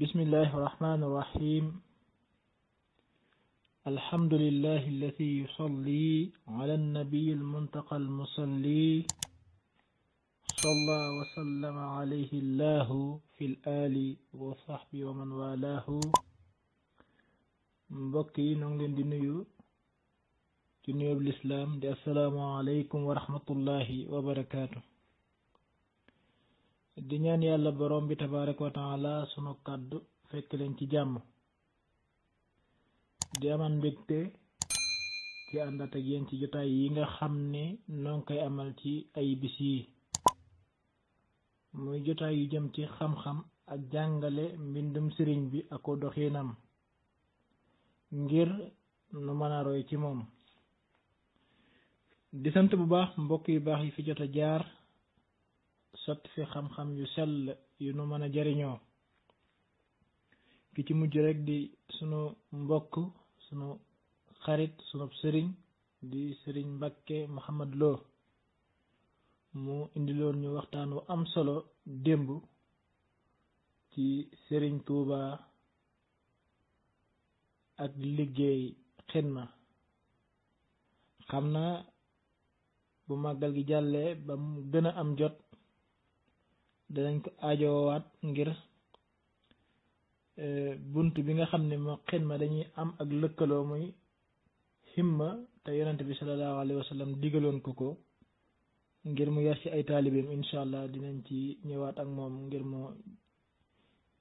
بسم الله الرحمن الرحيم الحمد لله الذي يصلي على النبي المنتقى المصلي صلى وسلم عليه الله في الآل وصحبه ومن والاه مبكي noo دي نيو di nuyu ci nuyoob lislaam di assalaamu di ñaan yàlla borom bi tabaraka wa taala sunu kàddu fekk leen ci jàmm di amal mbégte ci àndat ak yéen ci jotaay yi nga xam ne noo ngi koy amal ci ay bis yi muy jotaay yu jëm ci xam-xam ak jàngale mbindum sëriñ bi ak ko doxinam ngir nu mën a roy ci moom di sant bu baax mbokk yu baax yi fi jot a jaar sotti fi xam-xam yu sell yu nu mën a jariñoo ki ci mujj rekk di sunu mbokk sunu xarit sunu sëriñ di sëriñ Mbakke Mouhamad Lo mu indiloon ñu waxtaan wu am solo démb ci sëriñ Tuuba ak liggéey xidma xam na bu màggal gi jàllee ba mu gën am jot danañ ko aajoowaat ngir eh, bunt bi nga xam ne moo ma dañuy am ak lëkkaloo muy himma te yonent bi sallallahu alayhi wa digaloon ko ko ngir mu yar ci ay taalibeem incha allah dinañ ci ñëwaat ak moom ngir mu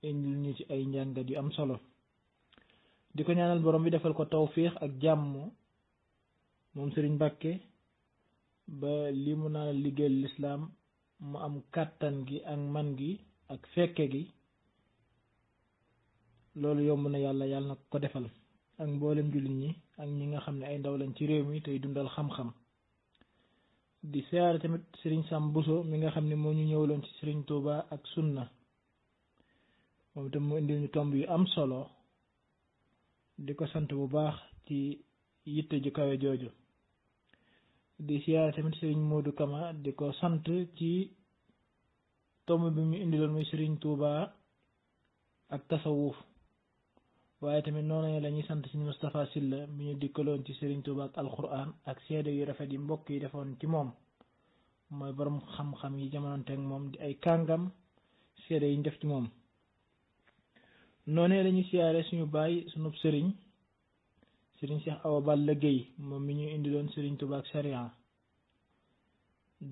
indil ñu ci ay njàngat yu am solo di ko ñaanal borom bi defal ko tawfiix ak jàmm moom sëriñ Mbàkke ba li mu naan liggéeyal lislaam mu am kàttan gi ak man gi ak fekke gi loolu yomb na yàlla yàlla na ko defal ak mboolem jullit ñi ak ñi nga xam ne ay ndaw lañ ci réew mi tey dundal xam-xam di siyaare tamit sëriñ Sam Bousso mi nga xam ne moo ñu ñëwaloon ci sëriñ Touba ak sunna moom itam mu indil tomb yu am solo di ko sant bu baax ci yitte ju kawe jooju di ziar tamit Serigne Modou Kama di ko sant ci tomb bi mu lon muy Serigne Touba ak tasawuf waye tamit noonu la ñuy sant Serigne mustapha Sylla mi ñu dikkaloon ci Serigne Touba ak alquran ak seede yu rafet yi mbokk yi defoon ci moom mooy borom xam-xam yi ak moom di ay kàngam seede yi ñu def ci moom noonu la ñuy siyaare suñu sunub Serigne. sëriñ Cheikh Awa Balla Gueye moom mi ñu indi doon sëriñ Tuubaa ak Sharia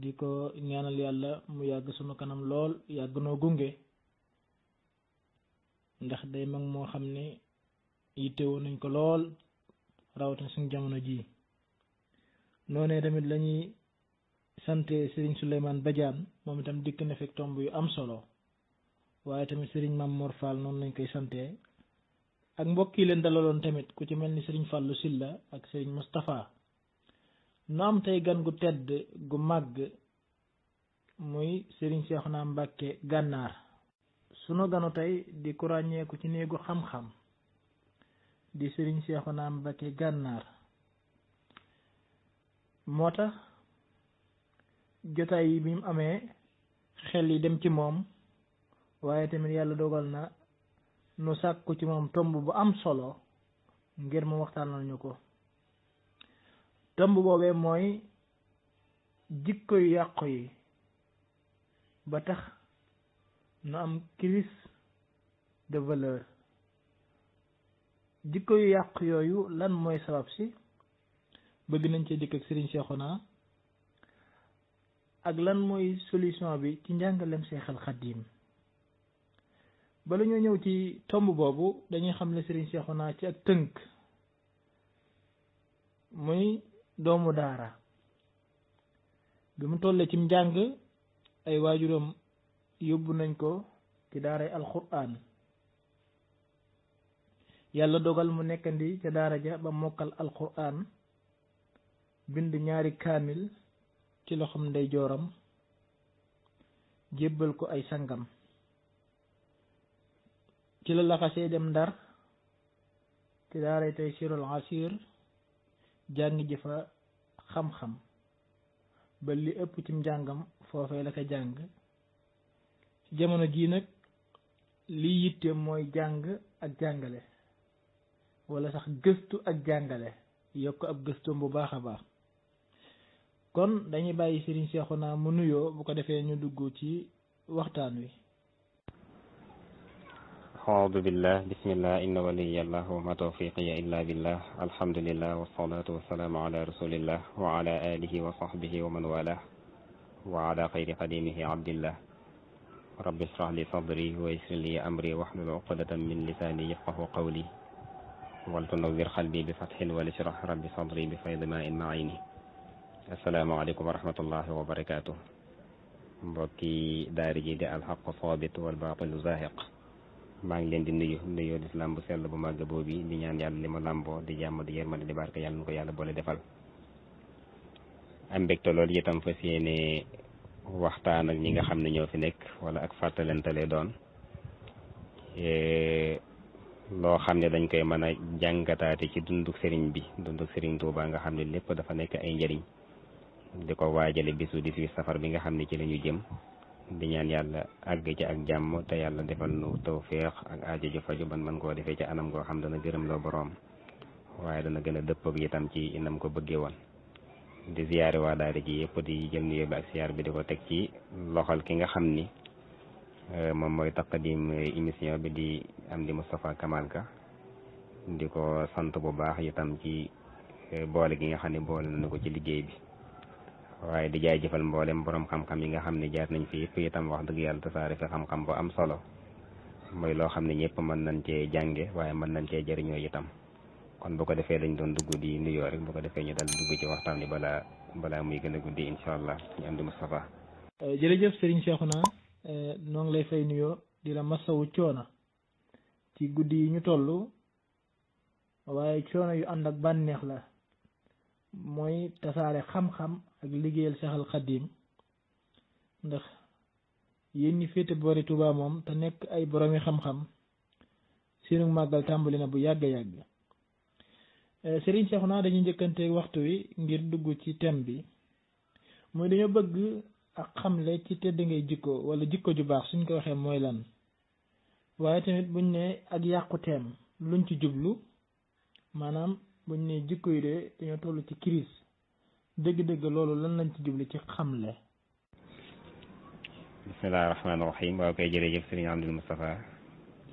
di ko ñaanal yàlla mu yàgg sunu kanam lool yàgg noo gunge ndax day mag moo xam ne yittewoo nañ ko lool rawatina suñu jamono jii noonee tamit lañuy sante sëriñ Souleymane Badiane moom itam dikk na fekk tomb yu am solo waaye tamit sëriñ Mame Mor noonu lañ koy sante ak mbokk yi leen dalaloon tamit ku ci mel ni sëriñ Fallou Silla ak sëriñ Moustapha nu am tey gan gu tedd gu màgg muy sëriñ Cheikhouna Mbacké Gànnaar sunu ganu tey di ku ràññeeku ci néegu xam-xam di sëriñ Cheikhouna Mbacké Gànnaar moo tax jotaay yi bi mu amee xel yi dem ci moom waaye tamit yàlla dogal na nu ko ci moom tomb bu am solo ngir mu waxtaanal ñu ko tomb boobee mooy jikko yu yàqu yi ba tax nu am crise de valeur jikko yu yàqu yooyu lan mooy sabab si bëgg nañ cee dikk ak sëriñ Seexuna ak lan mooy solution bi ci njàngaleem Seexal Xadiim bala ñoo ñëw ci tomb boobu dañuy xam ne Serigne Cheikhouna ci ak tënk muy doomu daara bi mu tollee ci njàng ay waajuram yóbbu nañ ko ci daaray alquran yàlla dogal mu nekkandi ca daara ja ba mokkal alquran bind ñaari kaamil ci loxoom ndeyjooram jébbal ko ay sangam ci la laxasee dem ndar ci daaray tey sirul asir jàng ji fa xam-xam ba li ëpp ci njàngam foofee la ko jàng jamono jii nag lii yitte mooy jàng ak jàngale walla sax gëstu ak jàngale yokk ab gëstoom bu baax a baax kon dañuy bàyyi Serigne Cheikhouna mu nuyoo bu ko defee ñu dugg ci waxtaan wi أعوذ بالله بسم الله إن ولي الله وما توفيقي إلا بالله الحمد لله والصلاة والسلام على رسول الله وعلى آله وصحبه ومن والاه وعلى خير قديمه عبد الله رب اشرح لي صدري ويسر لي أمري واحلل عقدة من لساني يفقه قولي ولتنظر قلبي بفتح ولشرح رب صدري بفيض ماء معيني السلام عليكم ورحمة الله وبركاته mbokki daari دي الحق صابت والباطل زاهق maa ngi leen di nuyu nuyoo lislaam bu sell bu màgg boobu di ñaan yàlla li ma làmboo di jàmm di yërmande di barke yàlla nu ko yàlla boole defal am mbégte loolu itam fas waxtaan ak ñi nga xam ne ñoo fi nekk wala ak fàttalante lay doon e, loo xam ne dañ koy mën a jàngataate ci dunduk sëriñ bi dunduk sëriñ Tuuba nga xam ne lépp dafa nekk ay njëriñ di ko waajale bisu di fi safar bi nga xam ne ci la jëm di ñaan yàlla àgg ci ak jàmm te yàlla defal nu feex ak aajo ju faju ban man koo defee ci anam goo xam dana gërëm loo boroom waaye dana gën a dëppoog tam ci inam ko bëggee woon di ziyaare waa daal ji yëpp di jël nuyoo bi ak ziyaar bi di ko teg ci loxol ki nga xam ni euh, moom mooy taqdim émission bi di am di Moustapha Kamal Ka di ko sant bu baax itam ci euh, boole gi nga xam ne boole nañu ko ci liggéey bi waaye di jëfal mboolem boroom xam-xam yi nga xam ne jaar nañ fi yëpp itam wax dëgg yàlla tasaare fi xam-xam boo am solo mooy loo xam ne ñëpp mën nañ cee jànge waaye mën nañ cee jëriñoo itam kon bu ko defee dañ doon dugg di nuyoo rek bu ko defee ñu dal dugg ci waxtaan ni balaa balaa muy gën a guddi incha allah ñu am di Moustapha. Euh, jërëjëf Serigne Cheikhouna euh, noo ngi lay fay nuyoo di la masawu coono ci guddi yi ñu toll waaye coono yu ànd ak bànneex la mooy tasaare xam-xam ak liggéeyal seexal xaddiim ndax yéen ñi féete boori Touba moom te nekk ay boroomi xam-xam seenu màggal tàmbali na bu yàgg yàgg sëriñ eh, Seexuna dañuy njëkkante waxtu wi ngir dugg ci thème bi mooy dañoo bëgg ak xamle ci tedd ngay jikko wala jikko ju baax suñ ko waxee mooy lan waaye tamit buñ ne ak yàqu teem luñ ci jublu maanaam buñ ne jikko yi de dañoo toll ci crise dégg dégg loolu lan lañ ci jubli ci xamle. bisimilah rahmaani rahim waaw koy jërëjëf sëriñ Abdul Moustapha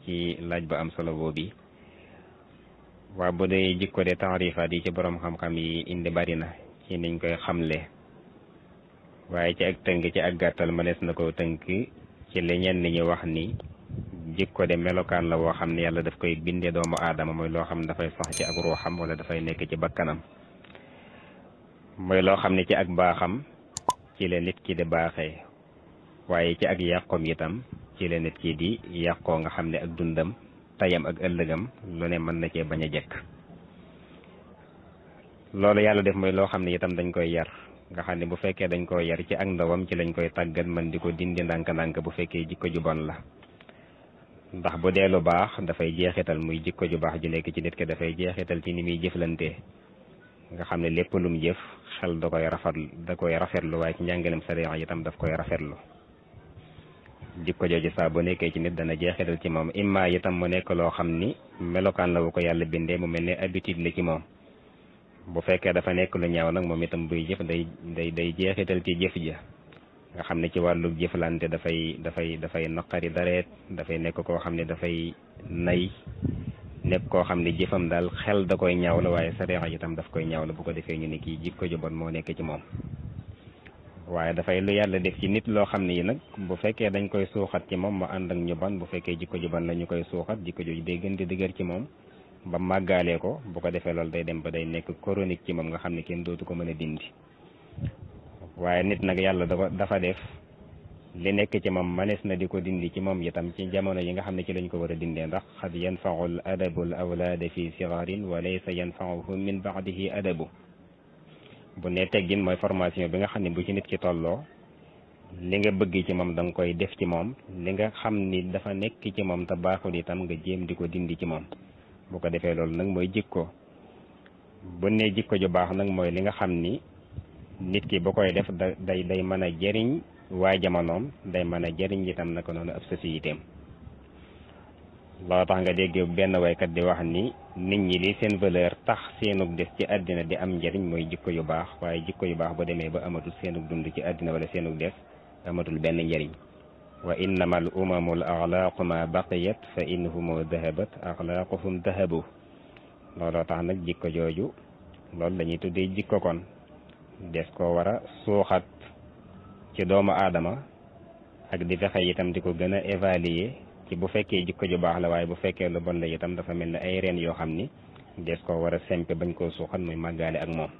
ci laaj ba am solo boobu waaw bu dee jikko de taarifaat yi ci borom xam-xam yi indi bari na ci niñ koy xamle waaye ci ak tënk ci ak gàttal mënees na ko tënk ci li ñenn ñi wax ni jikko de melokaan la woo xam ne yàlla daf koy bindee doomu aadama mooy loo xam ne dafay sax ci ak ruuxam wala dafay nekk ci bakkanam mooy loo xam ne ci ak baaxam ci la nit ki di baaxee waaye ci ak yàqoom itam ci la nit ki di yàqoo nga xam ne ak dundam tayam ak ëllëgam lu ne mën na cee bañ a jekk loolu yàlla def mooy loo xam ne itam dañ koy yar nga xam ne bu fekkee dañ koo yar ci ak ndawam ci lañ koy tàggat man di ko dindi ndànk-ndànk bu fekkee jikko ju bon la ndax bu dee lu baax dafay jeexital muy jikko ju baax ju nekk ci nit ki dafay jeexital ci ni muy jëflantee nga xam ne lépp jëf xel da koy rafet da koy rafetlu waaye ci njàngalem sariya itam daf koy di ko jooju saa bu nekkee ci nit dana jeexital ci moom imma itam mu nekk loo xam ni melokaan la ko yàlla bindee mu mel ne habitude la ci moom bu fekkee dafa nekk lu ñaaw nag moom itam buy jëf day day day jeexital ci jëf ja nga xam ne ci wàllu jëflante dafay dafay dafay naqari dareet dafay nekk koo xam ne dafay nay nekk koo xam ne jëfam daal xel da koy ñaaw la waaye sareexa tam daf koy ñaaw la bu ko defee ñu ne kii jikko ju bon moo nekk ci moom waaye dafay lu yàlla def ci nit loo xam ne yi nag bu fekkee dañ koy suuxat ci moom ma ànd ak ñu ban bu fekkee jikko ju bon la ñu koy suuxat jikko ju day gën di dëgër ci moom ba màggaalee ko bu ko defee loolu day dem ba day nekk chronique ci moom nga xam ne kenn dootu ko mën a dindi waaye nit nag yàlla dafa def li nekk ci moom manees na di ko dindi ci moom itam ci jamono yi nga xam ne ci lañ ko war a dindee ndax xad yanfaul adabul awlaada fi sigarin wa laysa yanfauhum min baadihi adabu bu ne teggin mooy formation bi nga xam ne bu ci nit li nga bëgg ci moom da koy def ci moom li nga xam ni dafa nekk ci moom te baaxul itam nga jéem di ko dindi ci moom bu ko defee loolu nag mooy ko bu ne jikko ju baax nag mooy li nga xam ni nit ki ba koy def da day day mën a jëriñ waa jamonoom day mën a jëriñ itam naka noonu ab société am loo tax nga dégg benn waykat di wax ni nit ñi li seen valeur tax seenug des ci àddina di am njëriñ mooy jikko yu baax waaye jikko yu baax bu demee ba amatul seenug dund ci àddina wala seenug des amatul benn njëriñ wa innama al umamu l axlaaqu ma baqiyat fa inhumu dahabat axlaaquhum dahabu looloo tax nag jikko jooju loolu la ñuy tuddee jikko kon des ko war a suuxat ci doomu aadama ak di fexe itam di ko gën a évaluer ci bu fekkee jikko ju baax la waaye bu fekkee lu bon la itam dafa mel ne ay reen yoo xam ni des ko war a sempe bañ koo suuxat muy màggaale ak moom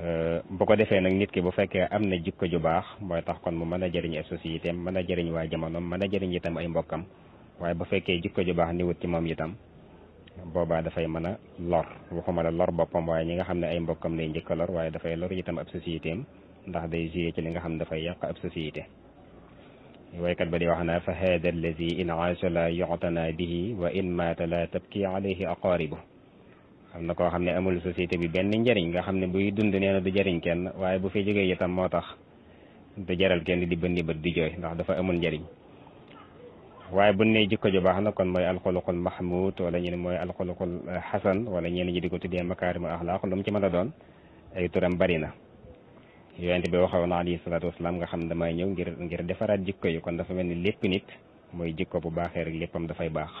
euh, bu ko defee nag nit ki bu fekkee am na jikko ju baax mooy tax kon mu mën a jëriñ société mën a jëriñ waa jamonoom mën a jëriñ itam ay mbokkam waaye bu fekkee jikko ju baax ni wut ci moom itam boobaa dafay mën a lor waxuma la lor boppam waaye ñi nga xam ne ay mbokkam lay njëkk a lor waaye dafay lor itam ab société am ndax day jiyé ci li nga xam da fay yàq ab société way kat ba di wax na fa hada allazi in aasha la yu'tana bihi wa in maata la tabki alayhi aqaribu xam na koo xam amul société bi ben njariñ nga xam buy dund neena du jariñ kenn waye bu fi jógee itam motax da jaral kenn di bëndi bët di joy ndax dafa amul njariñ waye bu ne jikko ju baax na kon mooy alxuluqul mahmud wala ñu ne mooy alxuluqul hasan wala ñene ñi di ko tuddee makaarimu akhlaq lu mu ci mëna doon ay turam bari na yonent bi waxoon na alayhi salaatu wasalaam nga xam ne damay ñëw ngir ngir defaraat jikko yi kon dafa mel ni lépp nit mooy jikko bu baaxee rek léppam dafay baax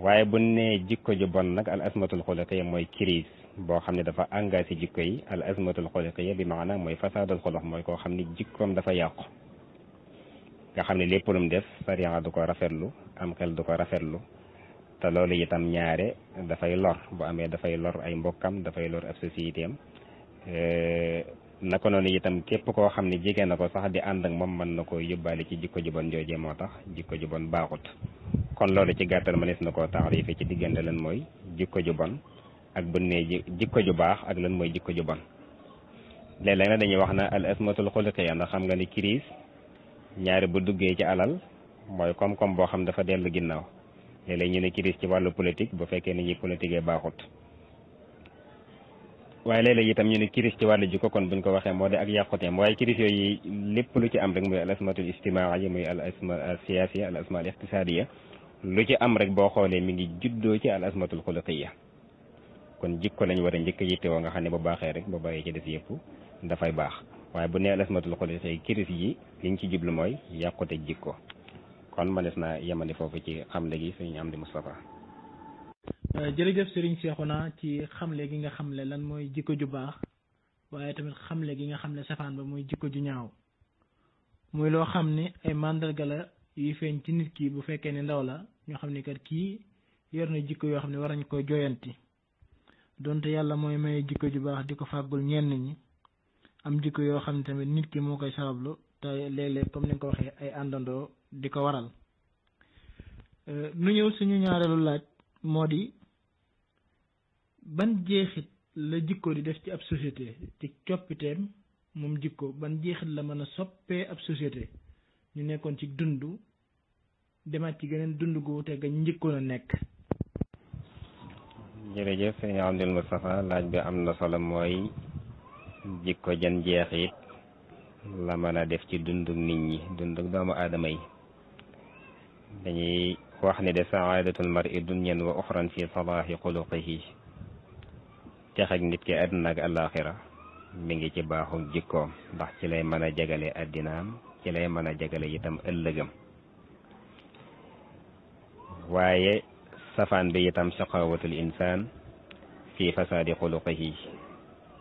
waaye bu ne jikko ju bon nag al asmatul xuluqiya mooy crise boo xam ne dafa engagé jikko yi al asmatul xuluqiya bi maanaam mooy fasaadul xuluq mooy koo xam ne jikkoom dafa yàqu nga xam ne lépp lu def sariya du ko rafetlu am xel du ko rafetlu te loolu itam ñaare dafay lor bu amee dafay lor ay mbokkam dafay lor ab société naka noonu itam képp koo xam ne jege na ko sax di ànd ak moom mën na ko yóbbaale ci jikko ju bon joojee moo tax jikko ju bon baaxut kon loolu ci gàttal mënees na koo taxarife ci diggante leen mooy jikko ju bon ak bu nee jikko ju baax ak lan mooy jikko ju bon léeg-léeg nag dañuy wax na al asmatul xuliqiya ndax xam nga ni crise ñaari bu duggee ci alal mooy koom-koom boo xam dafa dellu ginnaaw léeg ñu ne crise ci wàllu politique bu fekkee ni ñuy politiquee baaxut waaye léeg-léeg itam ñu ne kiris ci wàllu jikko kon buñ ko waxee moo de ak yàquteem waaye kiris yooyu lépp lu ci am rek muy al asmatul ijtimaaiya muy al asma al siyaasiya al asma al lu ci am rek boo xoolee mi ngi juddoo ci al asmatul xuluqiya kon jikko lañ war a njëkk yitte woo nga xam ne bu baaxee rek boo bàyyee ci def yëpp dafay baax waaye bu nee al asmatul xuluqiya kiris yi liñ ci jublu mooy yàqute jikko kon manes naa yemandi foofu ci xam léegi suñu am di Moustapha Euh, jërëjëf Serigne naa ci xamle gi nga xamle lan mooy jikko ju baax waaye tamit xamle gi nga xamle safaan ba mooy jikko ju ñaaw muy loo xam ni ay màndarga la yuy feeñ ci nit ki bu fekkee ne ndaw la ñoo xam ni kat kii yor na jikko yoo xam ne war nañ koy joyanti donte yàlla mooy maye jikko ju baax di ko fàggul ñenn ñi am jikko yoo xam ne tamit nit ki moo koy sabablu te léeg-léeg comme ni ko waxee ay àndandoo di ko waral euh, nu ñëw suñu ñaareelu laaj. moo di ban jeexit la jikko di def ci ab société ci coppiteem moom jikko ban jeexit la mën a soppee ab société ñu nekkoon ci dund demaat ci geneen dund gu wute gañ njëkkoon a nekk jërëjëf sëñ Abdul Moustapha laaj bi am na solo mooy jikko jan jeexit la mën def ci dunduk nit ñi dunduk doomu aadama yi dañuy wax ne de saadatul mar'i dunyan wa uxran fi salaahi xuluqihi texeg nit ki àdduna ak àllaaxira mi ngi ci baaxu jikkoom ndax ci lay mën a jagale àddinaam ci lay mën a jagale itam ëllëgam waaye safaan bi itam saqawatul insaan fi fasaadi xuluqihi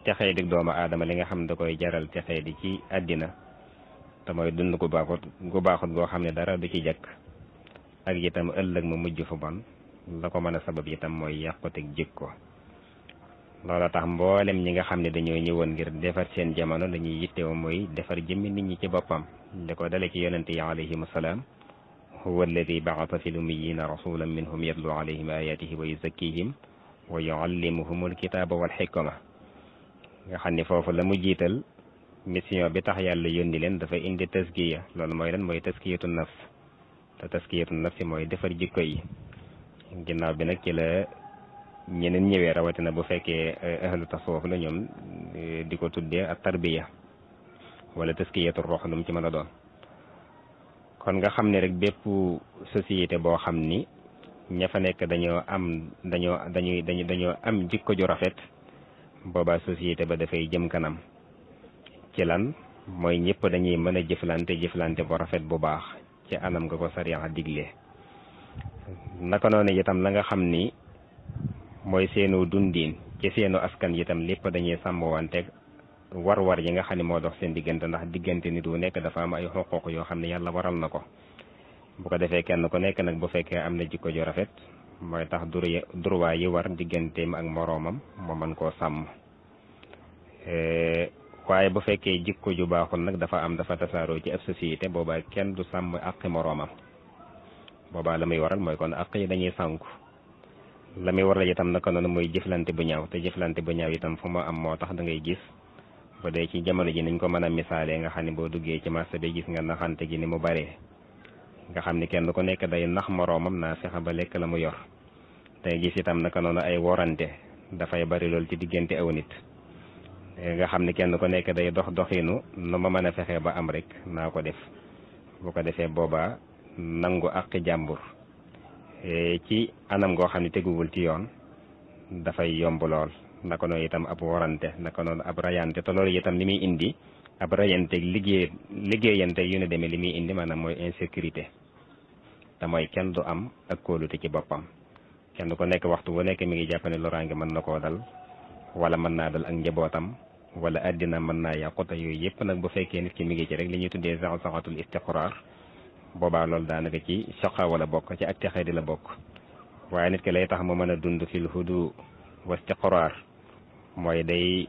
texee dig doomu aadama li nga xam da koy jaral texee di ci àddina te mooy dund gu baaxut gu baaxut goo xam ne dara du ci jëkk ak itam ëllëg mu mujj fu bon la ko mën a sabab itam mooy yàquteg jikko loola tax mboolem ñi nga xam ne dañoo ñëwoon ngir defar seen jamono dañuy yittewoo mooy defar jëmmi nit ñi ci boppam da ko dale ci yonente yi alayhim asalaam huwa alladi baata fi lumiyina rasulan minhum yatlu alayhim ayatihi wa yuzakkihim wa yuallimuhum alkitaba wal xikma nga xam ne foofu la mu jiital mission bi tax yàlla yónni leen dafa indi tasgiya loolu mooy lan mooy taskiyatu nafs te nag nafsi mooy defar jikko yi ginnaaw bi nag ci la ñeneen ñëwee rawatina bu fekkee eh, ahlu tasawuf la ñoom eh, di ko tuddee ak tarbiya wala taskiyatu ruux lu mu ci mën a doon kon nga xam ne rek bépp société boo xam ni ña fa nekk dañoo am dañoo dañuy dañoo am jikko ju rafet boobaa société ba dafay jëm kanam ci lan mooy ñëpp dañuy mën a jëflante jëflante bu rafet bu baax ci anam nga ko sariya digle naka noonu itam la nga xam ni mooy seenu dundiin ci seenu askan yitam lépp dañuy sàmmwanteeg war-war yi nga xam ne moo dox seen diggante ndax diggante nit wu nekk dafa am ay xoqooq yoo xam ne yàlla waral na ko bu ko defee kenn ku nekk nag bu fekkee am na jikko ju rafet mooy tax dur duruwaay yi war digganteem ak moroomam moo mën koo sàmm eh, waaye bu fekkee jikko ju baaxul nag dafa am dafa tasaaroo ci ab société boobaa kenn du sàmm àqi moroomam boobaa la muy waral mooy kon àq yi dañuy sànku la muy waral itam naka noonu mooy jëflante bu ñaaw te jëflante bu ñaaw itam fu mu am moo tax da ngay gis bu dee ci jamono ji niñ ko mën a misaalee nga xam ne boo duggee ci marché bi gis nga naxante gi ni mu baree nga xam ni kenn ko nekk day nax moroomam naa fexe ba lekk la mu yor tey gis itam naka noonu ay worante dafay bari lool ci diggante aw Eh, nga xam ne kenn ko nekk day dox doxiinu nu ma mën a fexe ba am rek naa ko def boo ko defee boobaa nangu ak jàmbur eh, ci anam goo xam ne teguwul ci yoon dafay yomb lool naka noonu itam ab warante naka noonu ab rayante te loolu itam li muy indi ab rayanteeg liggéey liggéeyanteeg yu ne demee li muy indi maanaam mooy insécurité te mooy kenn du am ak kóolute ci boppam kenn ko nekk waxtu bu nekk mu ngi jàpp ne loraange mën na koo dal wala mën naa dal ak njabootam wala àddina mën naa yàqu te yooyu yëpp nag bu fekkee nit ki mi ngi ci rek li ñuy tuddee sax saxatul istiqraar boobaa loolu daanaka ci saqa wala bokk ci ak texee di la bokk waaye nit ki lay tax mu mën a dund fil hudu wa istiqraar mooy day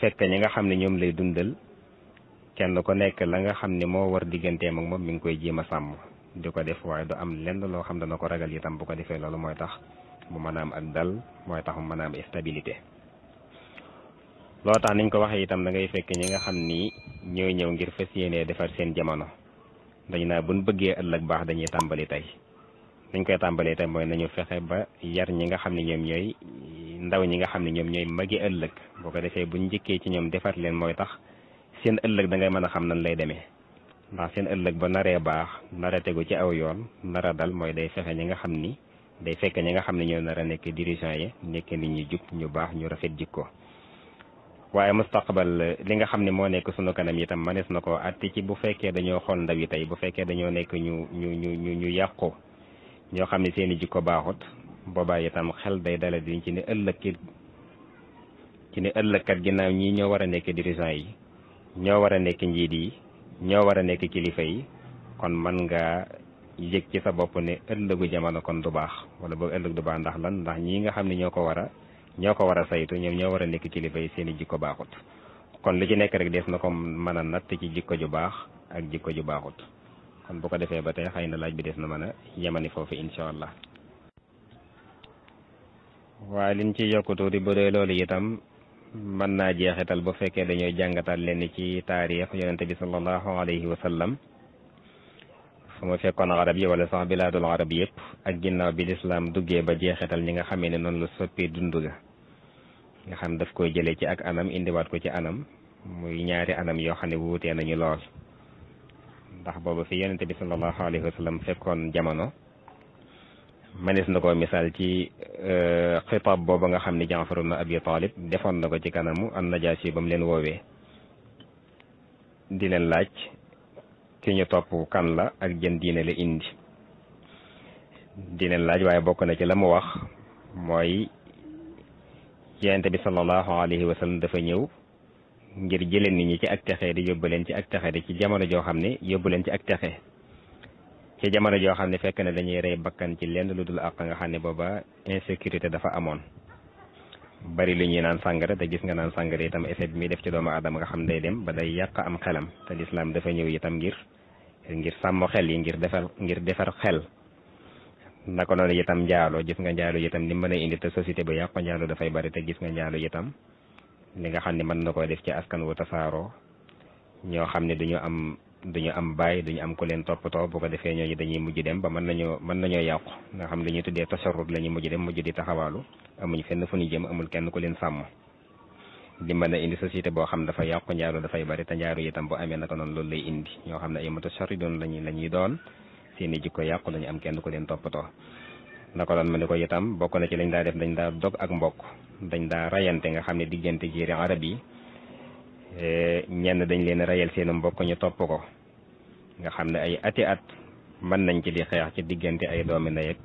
fekk ñi nga xam ne ñoom lay dundal kenn ko nekk la nga xam ne moo war digganteem ak moom mi ngi koy jéem a sàmm di ko def waaye du am lenn loo xam dana ko ragal yi tam bu ko defee loolu mooy tax mu mën a am ak dal mooy tax mën a am loo tax niñ ko waxee itam da ngay fekk ñi nga xam ni ñooy ñëw ngir fas yéenee defar seen jamono dañ naa bu buñ bëggee ëllëg baax dañuy tàmbali tey dañ koy tàmbali tey mooy nañu fexe ba yar ñi nga xam ne ñoom ñooy ndaw ñi nga xam ne ñoom ñooy magi ëllëg boo ko defee buñ njëkkee ci ñoom defar leen mooy tax seen ëllëg da ngay mën a xam nan lay demee ndax seen ëllëg ba naree baax nara tegu ci aw yoon nara mooy day fexe ñi nga xam ni day fekk ñi nga xam ne ñoo nar a nekk dirigeant yi nekk nit ñu jub ñu baax ñu rafet jikko waaye mustaqbal li nga xam ne moo nekk sunu kanam itam manees na ko atti ci bu fekkee dañoo xool ndaw yi tey bu fekkee dañoo nekk ñu ñu ñu ñu ñu yàqu ñoo xam ne seen i jikko baaxut boobaa itam xel day dala di ci ne ëllëg ki ci ne ëllëgkat ginnaaw ñii ñoo war a nekk dirigeant yi ñoo war a nekk njiit yi ñoo war a nekk kilifa yi kon mën nga yëg ci sa bopp ne ëllëgu jamono kon du baax wala boog ëllëg du baax ndax lan ndax ñii nga xam ne ñoo ko war a ñoo ko war a saytu ñoom ñoo war a nekk kilifa yi seen i jikko baaxut kon lu ci nekk rek des na ko mën a natt ci jikko ju baax ak jikko ju baaxut kon bu ko defee ba tey xay na laaj bi des na mën a yemani foofu incha allah. waaye liñ ci yokk tuuti bu dee loolu itam mën naa jeexital bu fekkee dañooy jàngataal leen ci taarix yonente bi sallallahu alayhi wa sallam fu mu fekkoon arab yi wala sax bilaadul arab yëpp ak ginnaaw bi lislaam duggee ba jeexeetal ñi nga xamee ne noonu la soppi dund ga nga xam daf koy jëlee ci ak anam indiwaat ko ci anam muy ñaari anam yoo xam ne wuutee nañu lool ndax boobu fi yonente bi sallallahu alayhi wa sallam fekkoon jamono manis na ko misaal ci euh, xitaab boobu nga xam ne Jaafar ibn Abi Talib defoon na ko ci kanamu am an najaasi ba mu leen woowee di leen laaj ki ñu topp kan la ak jën diine la indi di leen laaj waaye bokk na ci la mu wax mooy yonent bi sallallahu alayhi wa sallam dafa ñëw ngir jëleen nit ñi ci ak texe di yóbbu leen ci ak texe di ci jamono joo xam ne yóbbu leen ci ak texe ci jamono joo xam ne fekk na dañuy rey bakkan ci lenn lu dul àq nga xam ne booba insécurité dafa amoon bari lu ñuy naan sàngara te gis nga naan sàngara itam effet bi muy def ci doomu adama nga xam day dem ba day yàq am xelam te lislaam dafa ñëw itam ngir ngir sàmm xel yi ngir defar ngir defar xel naka noonu itam njaalo gis nga njaalo itam ni mën a indi te société ba yàq njaalo dafay bari te gis nga njaalo itam li nga xam ne mën na koo def ci askan wu tasaaroo ñoo xam ne duñu am duñu am bàyyi duñu am ku leen toppatoo bu ko defee ñooñu dañuy mujj dem ba mën nañoo mën nañoo yàqu nga xam li ñuy tuddee tasarrut la ñuy mujj dem mujj di taxawaalu amuñ fenn fu ñu jëm amul kenn ku leen sàmm di mën a indi société boo xam dafa yàqu njaaru dafay bari te njaaru yitam boo amee naka noonu loolu lay indi ñoo xam ne ay mutacarridoon lañu la ñuy doon seeni jikko yàqu dañu am kenn ku leen toppatoo ma ni ko itam bokk na lañ daa def dañ daa dog ak mbokk dañ daa rayante nga xam ne diggante jéeri arab yi e, ñenn dañ leen rayal seeni mbokk ñu topp ko nga xam ne ay ati at mën nañ ci di xeex ci diggante ay doomi ndey ak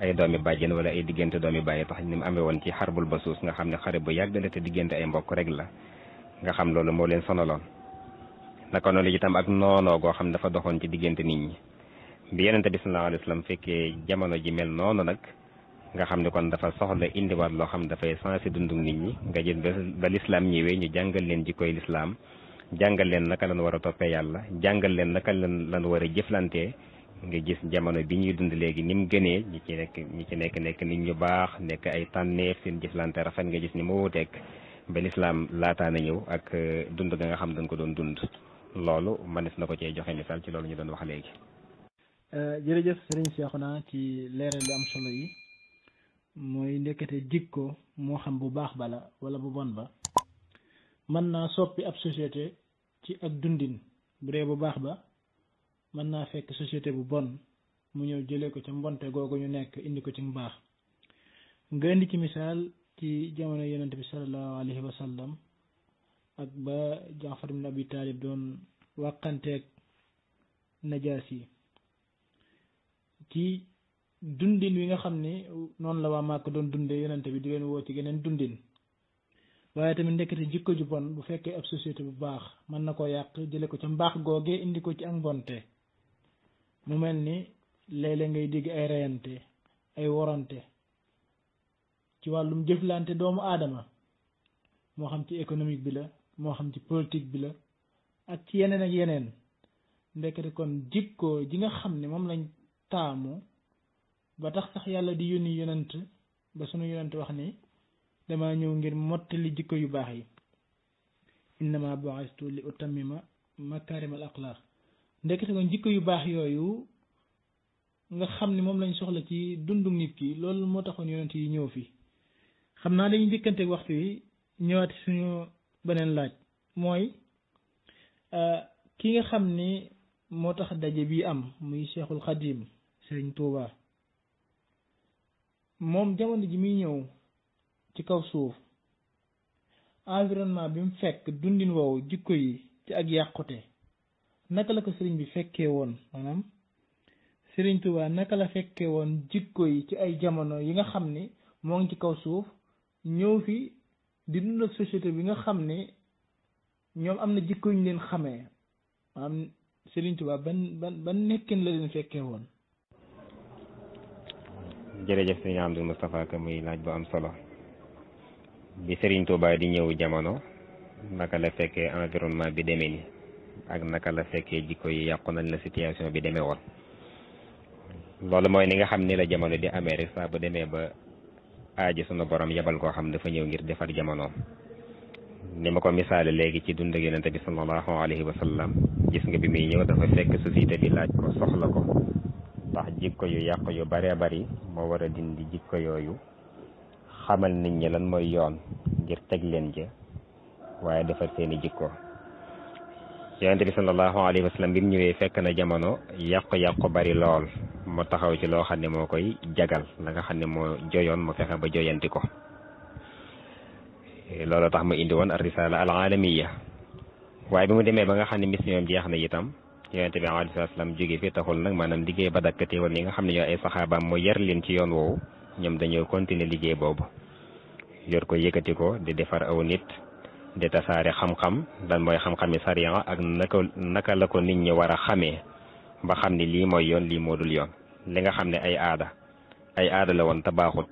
ay doomi bàjjen wala ay diggante doomi bàyyi tax ni amee woon ci xarbul basuus nga xam ne xare bu yàgg la te diggante ay rek la nga xam loolu moo leen sonaloon naka noonu itam ak noonoo goo xam dafa doxoon ci diggante nit ñi bi yonente te sallallahu alayhi wa sallam fekkee jamono ji mel noonu nag nga xam ne kon dafa soxla indiwaat loo xam dafay sensé dundug nit ñi nga jël ba lislaam ñëwee ñu jàngal leen koy lislaam jàngal leen naka lan war a toppee yàlla jàngal leen naka lan lan war a jëflantee nga gis jamono bi ñuy dund léegi ni mu gënee ñi ci nekk ñi ci nekk nekk nit ñu baax nekk ay tànneef seen jëflante rafet nga gis ni mu wuuteeg ba lislaam laataana ñëw ak dund ga nga xam dañ ko doon dund loolu mënees na ko cee joxe misaal ci loolu ñu doon wax léegi Euh, jërëjëf sëriñ naa ci leeral bi am solo yi mooy ndekkete jikko moo xam bu baax ba la wala bu bon ba mën naa soppi ab societé ci ak dundin bu dee bu baax ba mën naa fekk société bu bon mu ñëw jëlee ko ca mbonte googu ñu nekk indi ko ci baax nga indi ci misaal ci jamono yonent bi sallallahu alayhi wa ak ba Jaafar ibn Abi Taalib doon wàqanteeg najaas yi ci dundin wi nga xam ne noonu la waa màkk doon dundee yonente bi di leen woo ci geneen dundin waaye tamit ndekkete jikko ju bon bu fekkee ab société bu baax mën na koo yàq jële ko ca mbaax googee indi ko ci ak mbonte mu mel ni léeg ngay dégg ay reyante ay worante ci wàllum jëflante doomu aadama moo xam ci économique bi la moo xam ci politique bi la ak ci yeneen ak yeneen ndekkete kon jikko ji nga xam ni moom lañ taamu ba tax sax yàlla di yónni yonent ba sunu yonent wax ni dama ñëw ngir mottali jikko yu baax yi innama bu'istu li utammima makarimal axlaaq ndekete kon jikko yu baax yooyu nga xam ni moom lañ soxla ci dundu nit ki loolu moo taxoon yonent yi ñëw fii xam naa dañuy njëkkante waxtu yi ñëwaat suñu beneen laaj mooy euh, ki nga xam ni moo tax daje bi am muy Cheikhul Xadim seriñ Tuuba moom jamono ji muy ñëw ci kaw suuf environnement bi mu fekk dundin woowu jikko yi ci ak yàqute naka la ko sëriñ bi fekkee woon maanaam sëriñ Tuuba naka la fekkee woon jikko yi ci ay jamono yi nga xam ni moo ngi ci kaw suuf ñëw fii di dund ak société bi nga xam ne ñoom am na jikko yu ñu leen xamee maanaam sëriñ Tuuba ban ban ban nekkin la leen fekkee woon jërëjëf sëriñ Abdul Moustapha ka muy laaj bu am solo bi sëriñ Touba di ñëw jamono naka la fekkee environnement bi demee ni ak naka la fekkee jikko yi yàqu nañ la situation bi demee woon loolu mooy ni nga xam ni la jamono di amee rek saa bu demee ba aaji sunu borom yebal koo xam dafa ñëw ngir defar jamonoom ni ma ko misaale léegi ci dund ak yonente bi sallallahu alayhi wa gis nga bi muy ñëw dafa fekk société bi laaj ko soxla ko ndax jikko yu yàq yu baree bari moo war a dindi jikko yooyu xamal nit ñi lan mooy yoon ngir teg leen ja waaye defar seeni jikko yonente bi sallallahu alayhi wa sallam bi mu ñëwee fekk na jamono yàqu-yàqu bari lool mu taxaw ci loo xam ne moo koy jagal la nga xam ne moo joyoon mu fexe ba joyanti ko loolu tax mu indi woon ar risala al alamiya waaye bi mu demee ba nga xam ne mission jeex na itam yonente bi alayhi salaam jógee fi taxul nag maanaam liggéey ba dakk teewal ñi nga xam ne ñoo ay saxaabaam mu yar leen ci yoon woowu ñoom dañoo continuer liggéey boobu yor ko yëkkati ko di defar aw nit di tasaare xam-xam dan mooy xam-xami sariya ak naka la ko nit ñi war a xamee ba xam ne lii mooy yoon lii moo dul yoon li nga xam ne ay aada ay aada la woon te baaxut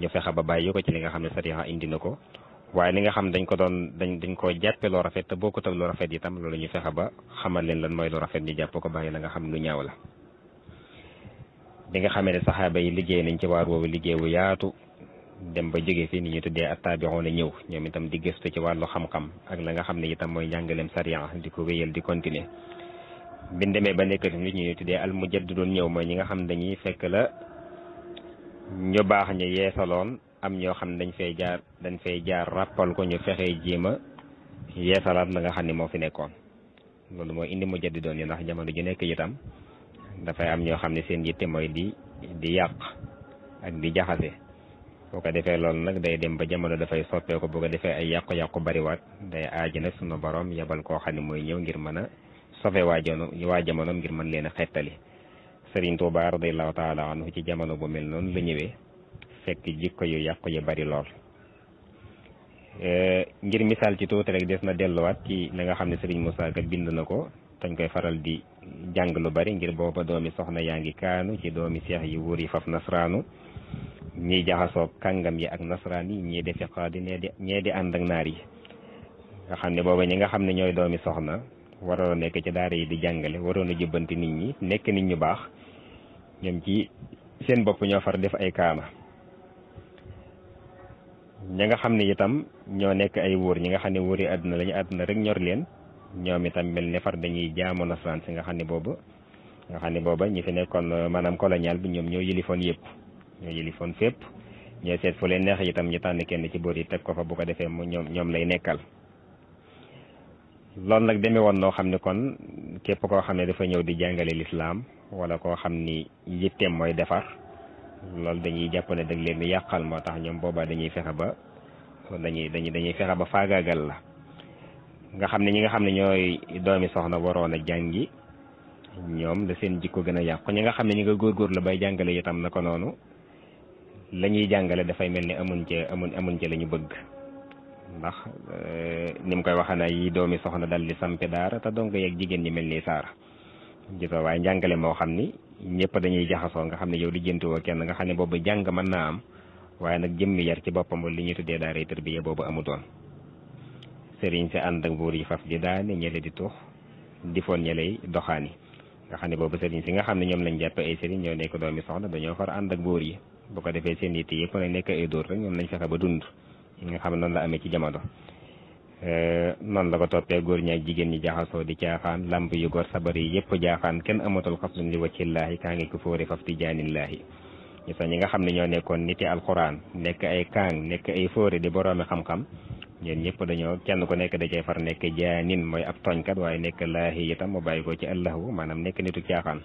ñu fexe ba bàyyi ko ci li nga xam ne sariya indi na ko waaye li nga xam dañ ko doon dañ dañ koo jàppe loo rafet te bokkut ak lu rafet tam loolu ñu fexe ba xamal leen lan mooy lu rafet ñu jàpp ko bàyyi la nga xam lu ñaaw la nga xamee ne saxaaba yi liggéey nañ ci waar liggéey wu yaatu dem ba jóge fi ni ñu tuddee attaabiroon a ñëw ñoom itam di gëstu ci wàllu xam ak la nga xam ne itam mooy njàngaleem sariya di ko wéyal di continuer biñ demee ba nekkati nit ñu tuddee al doon ñëw mooy ñi nga xam ñu fekk la ñu baax ñu yeesaloon am ñoo xam ne dañ fay jaar dañ fay jaar rappal ko ñu fexee jéem a yeesalaat la nga xam ne moo fi nekkoon loolu mooy indi mu jaddi doon yi ndax jamono ju nekk itam dafay am ñoo xam ne seen yitte mooy di di yàq ak di jaxase boo ko defee loolu nag day dem ba jamono dafay ko boo ko defee ay yàqu-yàqu bariwaat day aaji nag sunu borom yebal koo xam ne mooy ñëw ngir mën a sofe waa jamono waa jamono ngir mën leen a xettali Sëriñ Tuubaa radiyallaahu taala noonu la ñëwee fekk jikko yu yàqu yu bari lool eh, ngir misaal ci tuuti rek des na delluwaat ci na nga xam ne Serigne Moussa Ka bind na ko dañ koy faral di jàng lu bari ngir booba doomi soxna yaa ngi kaanu ci doomi seex yi wóor yi faf nasraanu ñiy jaxasoo kàngam yi ak nasaraan yi ñii di fiqaadi ñee di ànd ak naar yi nga xam ne booba ñi nga xam ne ñooy doomi soxna waroon a nekk ci daara yi di jàngale waroon a jubbanti nit ñi nekk nit ñu baax ñoom ci seen bopp ñoo far def ay kaana ñi nga xam ne itam ñoo nekk ay wóor ñi nga xam ne wóor yi àdduna lañu àdduna rek ñor leen ñoom itam mel ne far dañuy jaamu nasaraan nga xam ne boobu nga xam ne booba ñi fi nekkoon euh, maanaam colonial bi ñoom ñoo yëlifoon yëpp ñoo yëlifoon fépp ñoo seet fu leen neex itam ñu tànn kenn ci boor yi teg ko fa bu ko defee mu ñoom lay nekkal loolu nag demee woon noo xam ne kon képp koo xam ne dafa ñëw di jàngale lislaam wala koo xam ni teem mooy defar loolu dañuy jàpp ne dañ leen di yàqal moo tax ñoom boobaa dañuy fexe ba dañuy dañuy dañuy fexe ba faagaagal la nga xam ne ñi nga xam ne ñooy doomi soxna waroon a jàngi ñoom la seen jikko gën a yàqu ñi nga xam ne ñi nga góor la bay jàngale itam ko noonu lañuy jàngale dafay mel ni amuñ ca amuñ amuñ ca la ñu bëgg ndax eh, ni mu koy waxee na yi doomi soxna dal di sampe daara te donc yeeg jigéen ñi mel ni saara gisa waaye njàngale moo xam ni ñëpp dañuy jaxasoo nga xam ne yow lijjantiwoo kenn nga xam ne boobu jàng mën naa am waaye nag jëmmi yar ci boppam li ñuy tuddee daara tarbiya boobu amutoon sëriñ si ànd ak buur yi faf di daane ñële di tuux di foon ñëley doxaani nga xam ne boobu sëriñ si nga xam ne ñoom lañ jàppe ay sëriñ ñoo nekk doomi soxna dañoo far ànd ak buur yi bu ko defee seen yitte yëpp nag nekk ay dóor rek ñoom lañ fexe ba dund nga xam ne noonu la amee ci jamono Eh, noonu la ko toppee góor ñaa jigéen ñi jaxasoo di caaxaan làmp yu gor sabar yi yëpp jaaxaan kenn amatul xaslun li wacillaahi kaa ngi ko fóori faf tijaanillaahi ñi ñi nga xam ne ñoo nekkoon niti alxuraan nekk ay kaang nekk ay fóori di boroomi xam-xam ñeen ñëpp dañoo kenn ku nekk da cee far nekk jaanin mooy ab tooñkat waaye nekk laahi itam mu bàyyi ko ci allahu maanaam nekk nitu caaxaan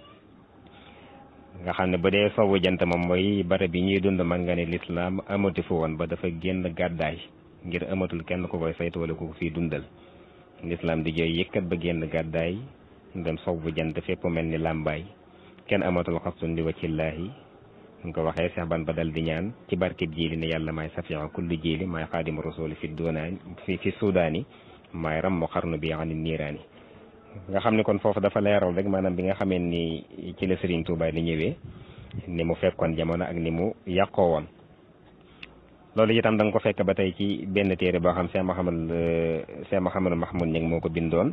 nga xam ne ba dee sowu jant moom mooy barab yi ñuy dund man nga ne lislaam amati fu woon ba dafa génn gàddaay ngir amatul kenn ko koy saytu wala ku ko fiy dundal lislaam di jooy yëkkat ba génn gàddaay dem sow bu jant fépp mel ni làmbaay kenn amatul xastun di wacillaahi nga ko waxee Seex ba dal di ñaan ci barkib jiili ne yàlla maay safiha kulli jiili maay xaadimu rasuli fi dunaani fi fi sudaani maay rammu xarnu bi ani niiraani nga xam ne kon foofu dafa leeral rek maanaam bi nga xamee ni ci la Serigne Touba di ñëwee ni mu fekkoon jamono ak ni mu yàqoo woon loolu itam dang ko fekk ba tey ci ben téré bo xam Cheikh mohammed Cheikh mohammed Mahmoud ñing moko ko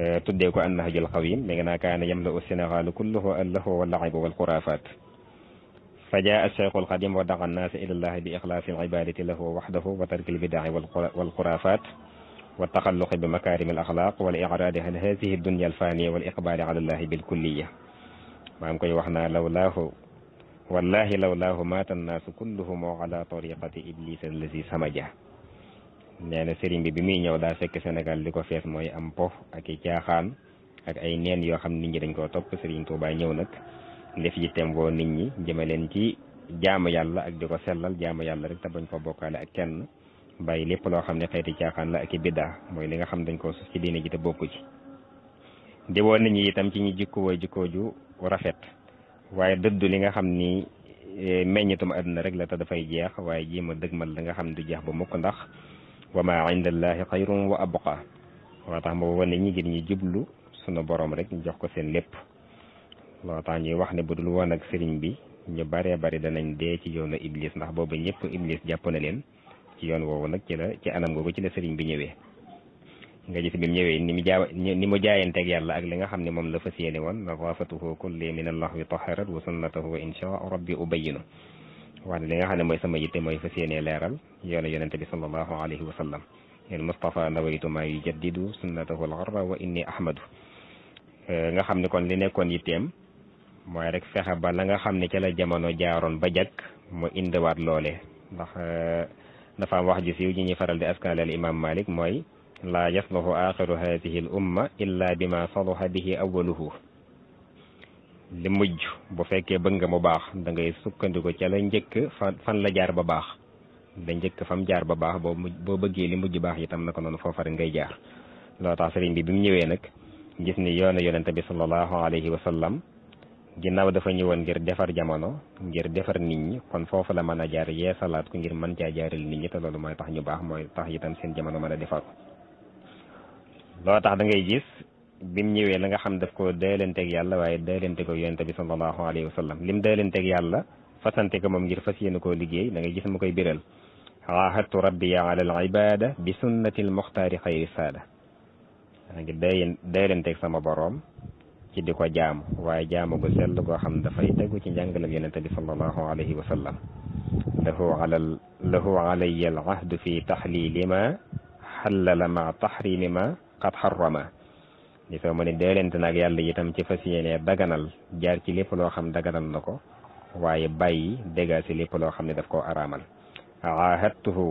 euh tuddé ko annahjul qawim mi ngi naa kaana yamla'u sénégalu kulluhu allahu wa laibu wal xuraafaat fa jaa cheikhul xadim wa daqa annaasa ila allahi bi ixlaasi al ibadati lahu waxdahu wa tarki al bidaai wal xuraafaat wa taxalluqi bi makaarimi al axlaaq wal iraadi an wallahi lawlaahu maata nnaasu kulluhum wa ala tariqati iblisa allazi samaja nee na sëriñ bi bi muy ñëw daa fekk senegal li ko fees mooy am po ak i caaxaan ak ay neen yoo xam nit ñi dañ koo topp sëriñ Tuubaa ñëw nag def yitteem woo nit ñi jëme leen ci jaamu yàlla ak di ko sellal jaamu yàlla rek te bañ koo bokkaale ak kenn bàyyi lépp loo xam ne xeeti caaxaan la ak i biddaa mooy li nga xam dañ koo sus ci diine ji te bokku ci di woo nit ñi itam ci ñi jikkoo rafet waaye dëddu li nga xam ni eh, meññitum àdduna rek la te dafay jeex waaye jéem a dëgmal la nga xam ne du jeex ba mukk ndax waa ma inda allahi xayrun wa abqa loo tax ma wane ñi ngir ñi jublu sunu borom rek ñu jox ko seen lépp loo tax ñuy wax ne bu dul woon ak sëriñ bi ñu baree bari danañ dee ci yoonu iblis ndax boobu ñëpp iblis jàpp na leen ci yoon woowu nag ci la ci anam googu ci la sëriñ bi ñëwee nga gis bi ñëwee ni mu jaa ni mu jaayanteeg yàlla ak li nga xam ne moom la fas yéene woon na nazaafatuhu kulli min allahwi taharat wa sunnatahu insha rabbi ubayinu wax ne li nga xam ne mooy sama yitte mooy fas yéene leeral yoonu yonente bi sallallahu alayhi wa sallam yéen Moustapha nawaytu maa yujaddidu sunnatahu algarra wa inni ahmadu eh, nga xam ne kon li nekkoon yitteem mooy rek fexe ba la nga xam ne ca la jamono jaaroon ba jàkk mu indiwaat loole ndax eh, dafa am wax ju siiw ñi ñuy faral di askanale al imam Malik mooy laa yasluhu axiru hadihi al umma illa bima saluha bihi awaluhu li mujj bu fekkee bëgg nga bu baax da ngay sukkandiku ca la njëkk fan la jaar ba baax da njëkk fam jaar ba baax boo mujj boo bëggee li mujj baax yi tam na ko noonu foofa rek ngay jaar loo tax sëriñ bi bi mu ñëwee nag gis ni yoonu yonente bi sallallahu alayhi wa sallam ginnaaw dafa ñëwoon ngir defar jamono ngir defar nit ñi kon foofu la mën a jaar yeesalaat ko ngir mën caa jaaral nit ñi te loolu mooy tax ñu baax mooy tax itam seen jamono mën a defar لو تاخ داغي جيس بيم نيوي لاغا خام داف كو دايلنتك يالا واي دايلنتك يونتبي صلى الله عليه وسلم ليم دايلنتك يالا فاسانتك موم غير فاسينكو ليغي داغي جيس مكاي بيرال راحت ربي على العباده بسنه المختار خير ساده داغي داين دايلنتك سما بروم كي ديكو جام واي جامو غو سيل غو خام دا فاي تيغو سي جانغلام يونتبي صلى الله عليه وسلم له على له علي العهد في تحليل ما حلل مع تحريم ما qad harrama li soo ma ne deelente nag yàlla itam ci fas yéene daganal jaar ci lépp loo xam daganal na ko waaye bàyyi déga si lépp loo xam ne daf ko araamal aahadtuhu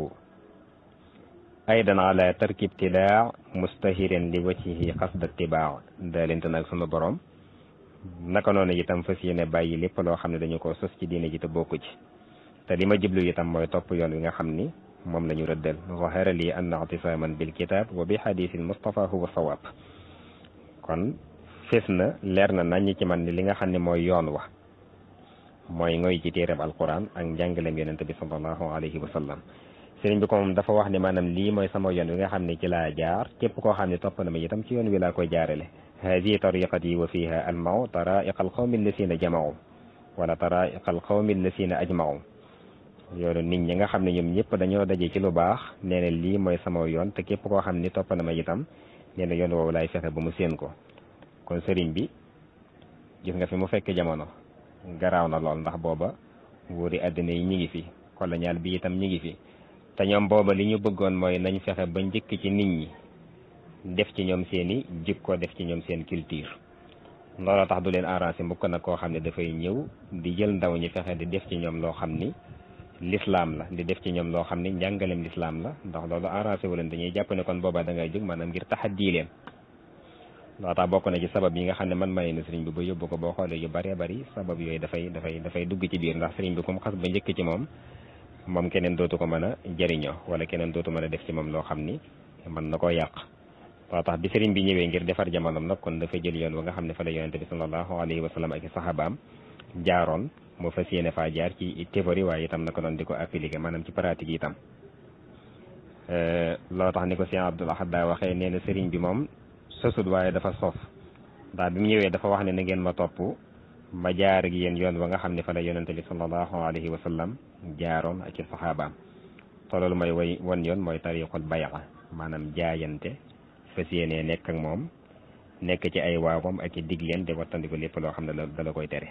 aydan ala tarki ibtidaa mustahirin li wajhihi qasda ittibaa deelente nag sunu borom naka noonu itam fas yéene bàyyi lépp loo xam ne dañu ko sos ci diine ji te bokku ci te li ma jiblu itam mooy topp yoon wi nga xam ni مم لن يردل ظهر لي أن اعتصاما بالكتاب وبحديث المصطفى هو الصواب كن فسنا لرنا ناني كمان نلغا خاني مو يونوا موي نوي جي تيرب القران اك جانغلم يونت بي صلى الله عليه وسلم سيرن بكم كوم دافا واخني مانام لي موي سما يون ليغا خاني جار كيب كو خاني توبنا مي تام سي يون وي لا كو جارلي هذه طريقتي وفيها الموت طرائق القوم الذين جمعوا ولا طرائق القوم الذين اجمعوا yoonu nit ñi nga xam ne ñoom ñëpp dañoo daje ci lu baax nee na lii mooy sama yoon te képp koo xam ni topp na ma itam nee na yoon woowu laay fexe ba mu séen ko kon sëriñ bi gis nga fi mu fekk jamono garaaw na lool ndax booba wóori àddina yi ñi ngi fi kolonial bi itam ñi ngi fi te ñoom booba li ñu bëggoon mooy nañ fexe ba njëkk ci nit ñi def ci ñoom seeni jikko def ci ñoom seen culture loolu looloo tax du leen arrangé mukk nag koo xam ne dafay ñëw di jël ndaw ñi fexe di def ci ñoom loo xam ni l'islam la di def ci ñom lo xamni jangalem l'islam la ndax loolu arrangé wolen dañuy japp ne kon boba da ngay jóg manam ngir tahaddi len loo ta bokku na ci sabab yi nga xamni man maye na sëriñ bi ba yobbu ko boo xoolee yu bëree bëri sabab da fay da fay dugg ci biir ndax serigne bi kum xass ba ñëk ci mom mom keneen dootu ko mëna jariño wala keneen dootu mëna def ci mom lo xamni man nako yaq koo tax bi serigne bi ñëwé ngir defar jamanam nak kon fay jël yoon wa nga xamni fa la yoonte bi sallallahu alayhi wa sallam ak sahabaam jaaroon moo fas yéene faa jaar ci théorie waaye itam naka noonu di ko appliquer maanaam ci pratique yi itam euh, loo tax ni ko sëñ Abdul Ahad daa waxee nee na sëriñ bi moom sosut waaye dafa sof ndax bi mu ñëwee dafa wax ne na ngeen ma topp ma jaar ak yéen yoon wa nga xam ne fa la yonente bi sallallahu alayhi wa sallam jaaroon ak ci saxaabaam te loolu mooy woy won yoon mooy tariqul bay'a maanaam jaayante fas yéenee nekk ak moom nekk ci ay waawam ak i digleen di wattandiku lépp loo xam ne da la koy tere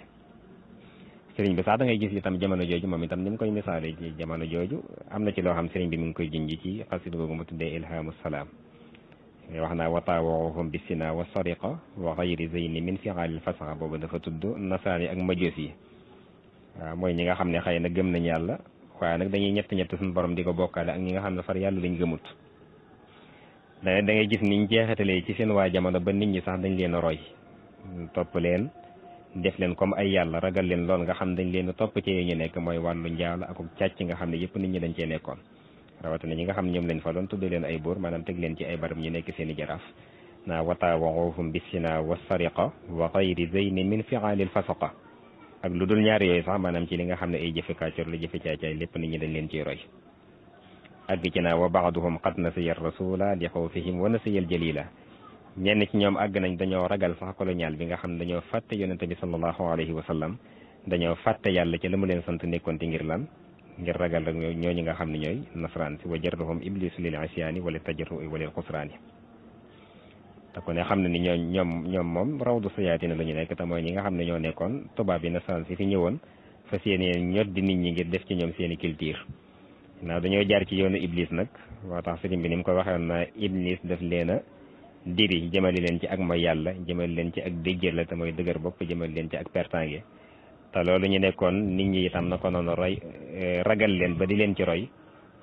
sëriñ bi sax da ngay gis itam jamono jooju moom itam ni koy misaale ci jamono jooju am na ci loo xam sëriñ bi mu ngi koy junj ci xasida googu mu tuddee ilhamu salaam wax naa wa taawaruhum bi sina wa sariqa wa xayri zeyni min fiaalil fasaxa boobu dafa tudd nasaani ak majoos yi waaw mooy ñi nga xam ne xëy na gëm nañ yàlla waaye nag dañuy ñett ñett suñu borom di ko bokkaale ak ñi nga xam ne far yàlla lañ gëmut da da ngay gis niñ jeexatalee ci seen waa jamono ba nit ñi sax dañ leen a roy topp leen def leen comme ay yàlla ragal leen lool nga xam dañ leen topp ci ñu nekk mooy wàllu njaal ak càcc nga xam ne yëpp nit ñi dañ cee nekkoon rawatina ñi nga xam ne ñoom lañ fa doon tudd leen ay buur maanaam teg leen ci ay barab ñu nekk seen i jaraaf naa wataawaxuufum bisina wa sariqa wa xayri zeyni min fiaalil fasaqa ak lu dul ñaar yooyu sax maanaam ci li nga xam ne ay jëfe kàccor la jëfe caay-caay lépp nit ñi dañ leen ciy roy àgg ci naa wa baaduhum qad nasiya rasula li xawfihim wa nasiya ñenn ci ñoom àgg nañ dañoo ragal sax colonial bi nga xam ne dañoo fàtte yonente bi sallallahu alayhi wa sallam dañoo fàtte yàlla ci la mu leen sant nekkoon ti ngir lan ngir ragal rek ñi nga xam ne ñooy nasaraan si wa jarruhum iblisu lil isyaani wala tajarrui walil xusraani te ne xam ne ni ñoo ñoom ñoom moom rawdu sayaatina la ñu nekk te mooy ñi nga xam ne ñoo nekkoon tubaab yi nasaraan si fi ñëwoon fas yéene ñot di nit ñi ngir def ci ñoom seen i culture naaw dañoo jaar ci yoonu iblis nag moo tax sëriñ bi ni mu koy waxee woon na iblis daf leen a diri jëmali leen ci ak ma yalla jëmali leen ci ak déggéer la te deugar bop bopp leen ci ak pertangé ta loolu ñu nekkon nit ñi itam nako non roy eh, ragal leen ba di leen ci roy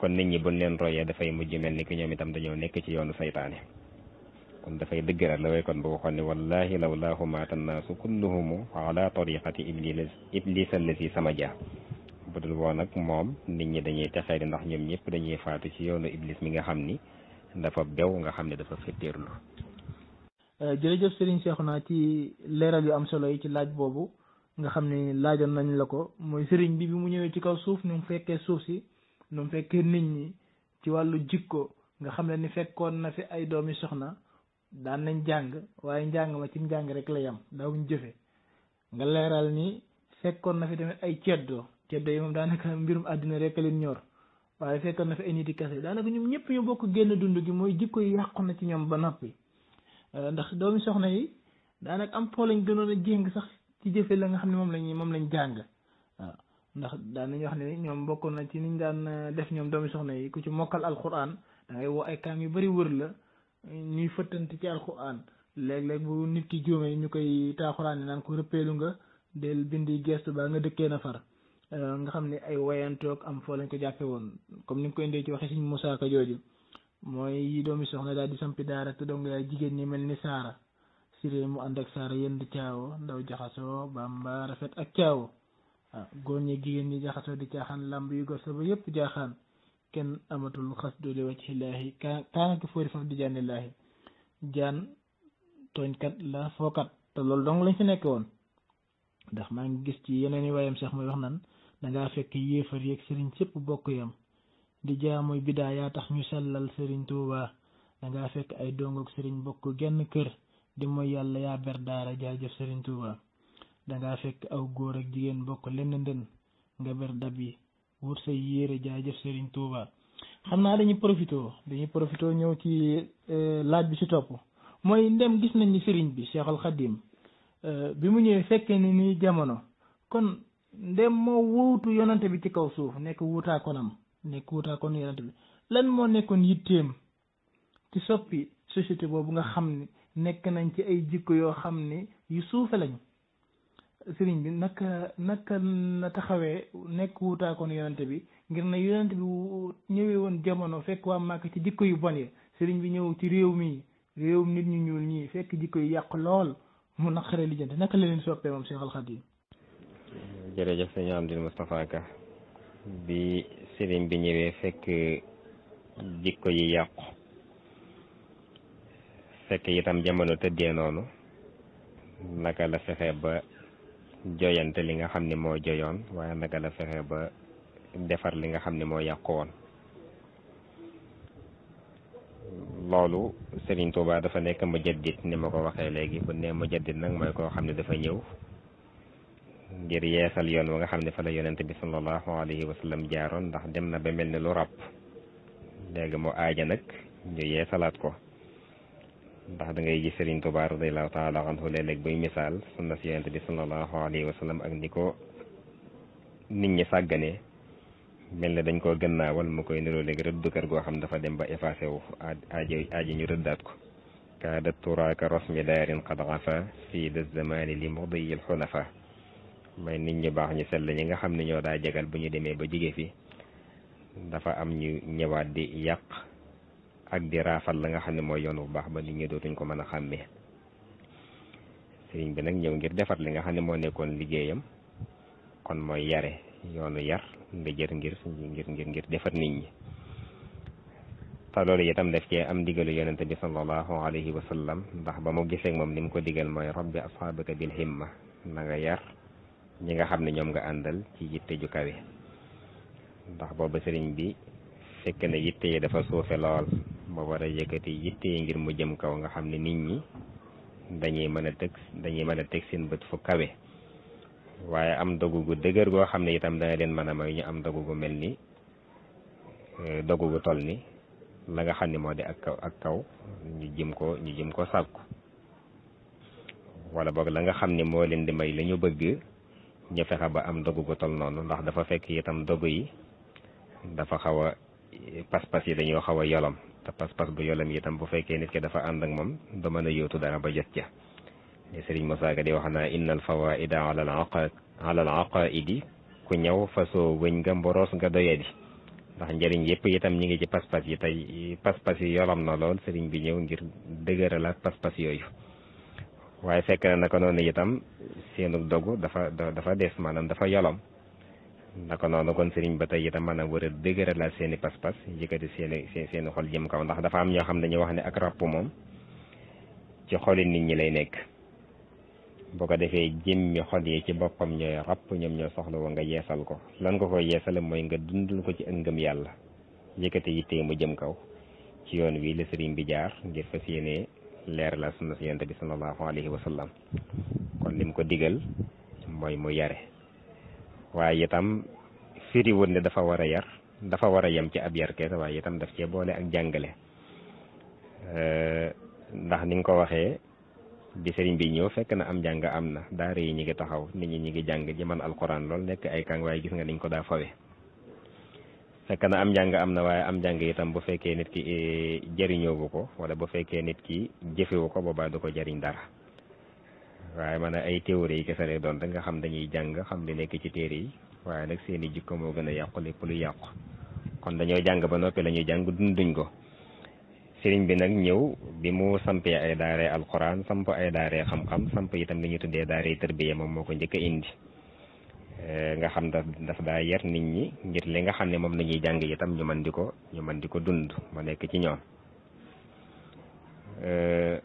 kon nit ñi buñ leen da fay mujj melni ko ñoom itam dañoo nekk ci yoonu saytane kon fay dëgëral la way kon bu waxoon wallahi law la huma tanasu kulluhum ala tariqati iblis iblis allati samaja. Budul bu nak ninye danye nit ñi dañuy texee ndax ñoom ñepp dañuy faatu ci yoonu iblis mi nga xamni dafa bew nga xamni dafa fetterlu Euh, jërëjëf Serigne naa ci leeral yu am solo yi ci laaj boobu nga xam ne laajoon nañ la ko mooy sëriñ bi bi mu ñëwee ci kaw suuf nu mu fekkee suuf si nu mu fekkee nit ñi ci wàllu jikko nga xam ne ni fekkoon na fi ay doomi soxna daan nañ jàng waaye njàng ma ci njàng rek la yam daawuñ jëfe nga leeral ni fekkoon na fi tamit ay ceddo ceddo yi moom daanaka mbirum àddina rek a leen ñor waaye fekkoon na fi ay niti kese daanaka ñoom ñëpp ñu bokk génn dund gi mooy jikko yi yàqu na ci ñoom ba noppi. Euh, ndax doomi soxna yi daanak am po lañ gënoon a jéng sax ci jëfe la nga xam ne moom lañ moom lañ jàng waaw ndax daan nañu wax ne ñoom mbokkoon na ci niñ daan euh, def ñoom doomi soxna yi ku ci mokkal alquran da ngay ay kaam yu bari wër la ñuy fëttante ci alquran léeg-léeg bu nit ki juumee ñu koy taaxuraan yi naan ko rëppeelu nga del bindi gestu baa nga dëkkee na far euh, nga xam ni ay wayantoog am foo lañ ko jàppe woon comme ni nga ko indee ci waxe Sëñ Musaa Ka jooju mooy yi doomi soxna daal di sampi daara te dong yaay jigéen ñi mel ni saara sirée mu ànd ak saara yënd caawo ndaw jaxasoo bamba rafet ak caawo waaw ah, góor ñi jigéen ñi jaxasoo di caaxaan lamb yu gos ba yëpp jaaxaan kenn amatul xas doole wacci laahi kaanaki foori faf di jaani laahi jaan tooñkat la fookat te loolu dong lañ fi nekk woon ndax maa ngi gis ci yeneen i waayam seex muy wax nan dangaa fekk yéefar yeeg sëriñ sépp bokk yam di jaamuy bidaa yaa tax ñu sellal sëriñ tuuba dangaa fekk ay dongoog sëriñ bokk genn kër di mooy yàlla yaa ber daara jaajëf sëriñ tuuba dangaa fekk aw góor ak jigéen bokk lenn ndën nga ber dab yi wut sa yéere jëf sëriñ tuuba xam naa dañuy profité dañuy profité ñëw ci e, laaj bi si topp mooy ndem gis nañ ni sëriñ bi Cheikhul Khadim e, bi mu ñëwee fekkee ni nii jamono kon ndem moo wuutu yonante bi ci kaw suuf nekk wuutaa konam nekkuutaa kon yonent bi lan moo nekkoon yitteem ci soppi société boobu nga xam ni nekk nañ ci ay jikko yoo xam ni yu suufe lañu sëriñ bi naka naka na taxawee nekk wutaakoon yonante bi ngir ne yonante bi ñëwee woon jamono fekk waa Màkka ci jikko yu bon yi sëriñ bi ñëw ci réew mi réew nit ñu ñuul ñii fekk jikko yu yàq lool mu naqaree lijjanti naka la leen soppee moom Cheikh Al Khadim jërëjëf sëñ Amdine Moustapha Ka sëriñ bi ñëwee fekk jikko yi yàqu fekk itam jamono tëddee noonu naka la fexe ba joyante li nga xam ne moo joyoon waaye naka la fexe ba defar li nga xam ne moo yàqu woon loolu sëriñ Tuubaa dafa nekk mujaddid ni ma ko waxee léegi bu ne mujaddid nag mooy koo xam ne dafa ñëw ngir yeesal yoon wa nga xam ne fa la yonent bi sallallahu alayhi wa sallam jaaroon ndax dem na ba mel ni lu ràpp léegi mu nag ñu yeesalaat ko ndax da ngay gis Serigne Touba radiyallahu taala anhu léeg-léeg buy misaal sunna si yonent bi sallallahu alayhi wa ak ni ko nit ñi sàgganee mel ne dañ koo naa wal mu koy niroo léegi rëdd kër goo xam dafa dem ba effacé wu aajo aaji ñu rëddaat ko kaada turaaka rasmi daarin qad afa fii de zamani li mudiyi may nit ñi baax ñu sell ñi nga xam ne ñoo daa jegal bu ñu demee ba jige fi dafa am ñu ñëwaat di yàq ak di raafal la nga xam ne mooy yoon wu baax ba nit ñi dootuñ ko mën a xàmmee sëriñ bi nag ñëw ngir defar li nga xam ne moo nekkoon liggéeyam kon mooy yare yoonu yar nga jër ngir ngir ngir ngir defar nit ñi te loolu tam def cee am digalu yonente bi sallallahu alayhi wa sallam ndax ba mu gisee moom ni mu ko digal mooy rabbi asxaabaka bil himma na nga yar ñi nga xam ne ñoom nga àndal ci yitte ju kawe ndax booba sëriñ bi fekk na yitte yi dafa suufe lool ba war a yëkkati yitte yi ngir mu jëm kaw nga xam ne nit ñi dañuy mën a teg dañuy mën a teg seen bët fu kawe waaye am dogu gu dëgër goo xam ne itam dana leen mën a may ñu am dogu gu mel ni eh, dogu gu tol ni la nga xam ni moo di ak kaw ak kaw ñu jëm ko ñu jëm ko sàkku wala boog la nga xam ni moo leen di may la bëgg ñu fexé ba am dogu gu tol lah. ndax dafa fekk itam dogu yi dafa xawa pass pas-pas yi dañu xawa yolam ta pas pass bu yolam itam bu fekke nit ki dafa and ak mom do meuna yotu dara ba jott ja ni serigne Moussa ga di waxna innal fawaida ala al aqaid ala al aqaidi ku ñëw fasoo wëñ nga mboroos nga di ndax njëriñ yëpp itam ñi ngi ci pas-pas yi tay pas-pas yi yolam na lool serigne bi ñew ngir degeeralat pas-pas yoyu waaye fekk na naka noonu itam seenu dogu dafa dafa des maanaam dafa yolom naka noonu kon sëriñ ba tey itam maanaam war a dëgëralaat seen i pas-pas yëkkati seen i seen xol jëm kaw ndax dafa am ñoo xam ne ñu wax ne ak ràpp moom ci xoli nit ñi lay nekk boo ko defee jëmmi xol yi ci boppam ñooy ràpp ñoom ñoo soxla woo nga yeesal ko lan ko ko yeesale mooy nga dundal ko ci ëngëm yàlla yëkkati yittee mu jëm kaw ci yoon wii la sëriñ bi jaar ngir fas yéenee leer la sunna si yonent bi sallallahu alayhi wa sallam kon lim ko digal mooy mu yare waaye itam firi woon ne dafa war a yar dafa war a yem ci ab yar kees waaye itam daf cee boole ak jàngale ndax ni nga ko waxee bi bi ñëw fekk na am jàng am na daara yi ñu ngi taxaw nit ñi ñu ngi jàng ji man alquran lool nekk ay kàng waaye gis nga niñ ko daa fawe fekk na am njàng am na waaye am njàng yitam bu fekkee nit ki eh, jëriñoowu ko wala bu fekkee nit ki jëfewu ko boobaa du ko jariñ dara waaye man ay théories yi kese lay doon da nga xam dañuy jàng xam li nekk ci téere yi waaye nag seeni jikko moo gën a yàqu lu yàqu kon dañoo jàng ba noppi la ñuy jàng dunduñ ko sëriñ bi nag ñëw bi mu sampee ay daaree alquran samp ay daaree xam-xam samp itam li ñu tuddee daaree tërbiya moom moo ko njëkk indi Eh, nga xam da daf daa yar nit ñi ngir li nga xam ne moom la ñuy jàng itam ñu mën di ko ñu di ko dund mu nekk ci ñoom eh,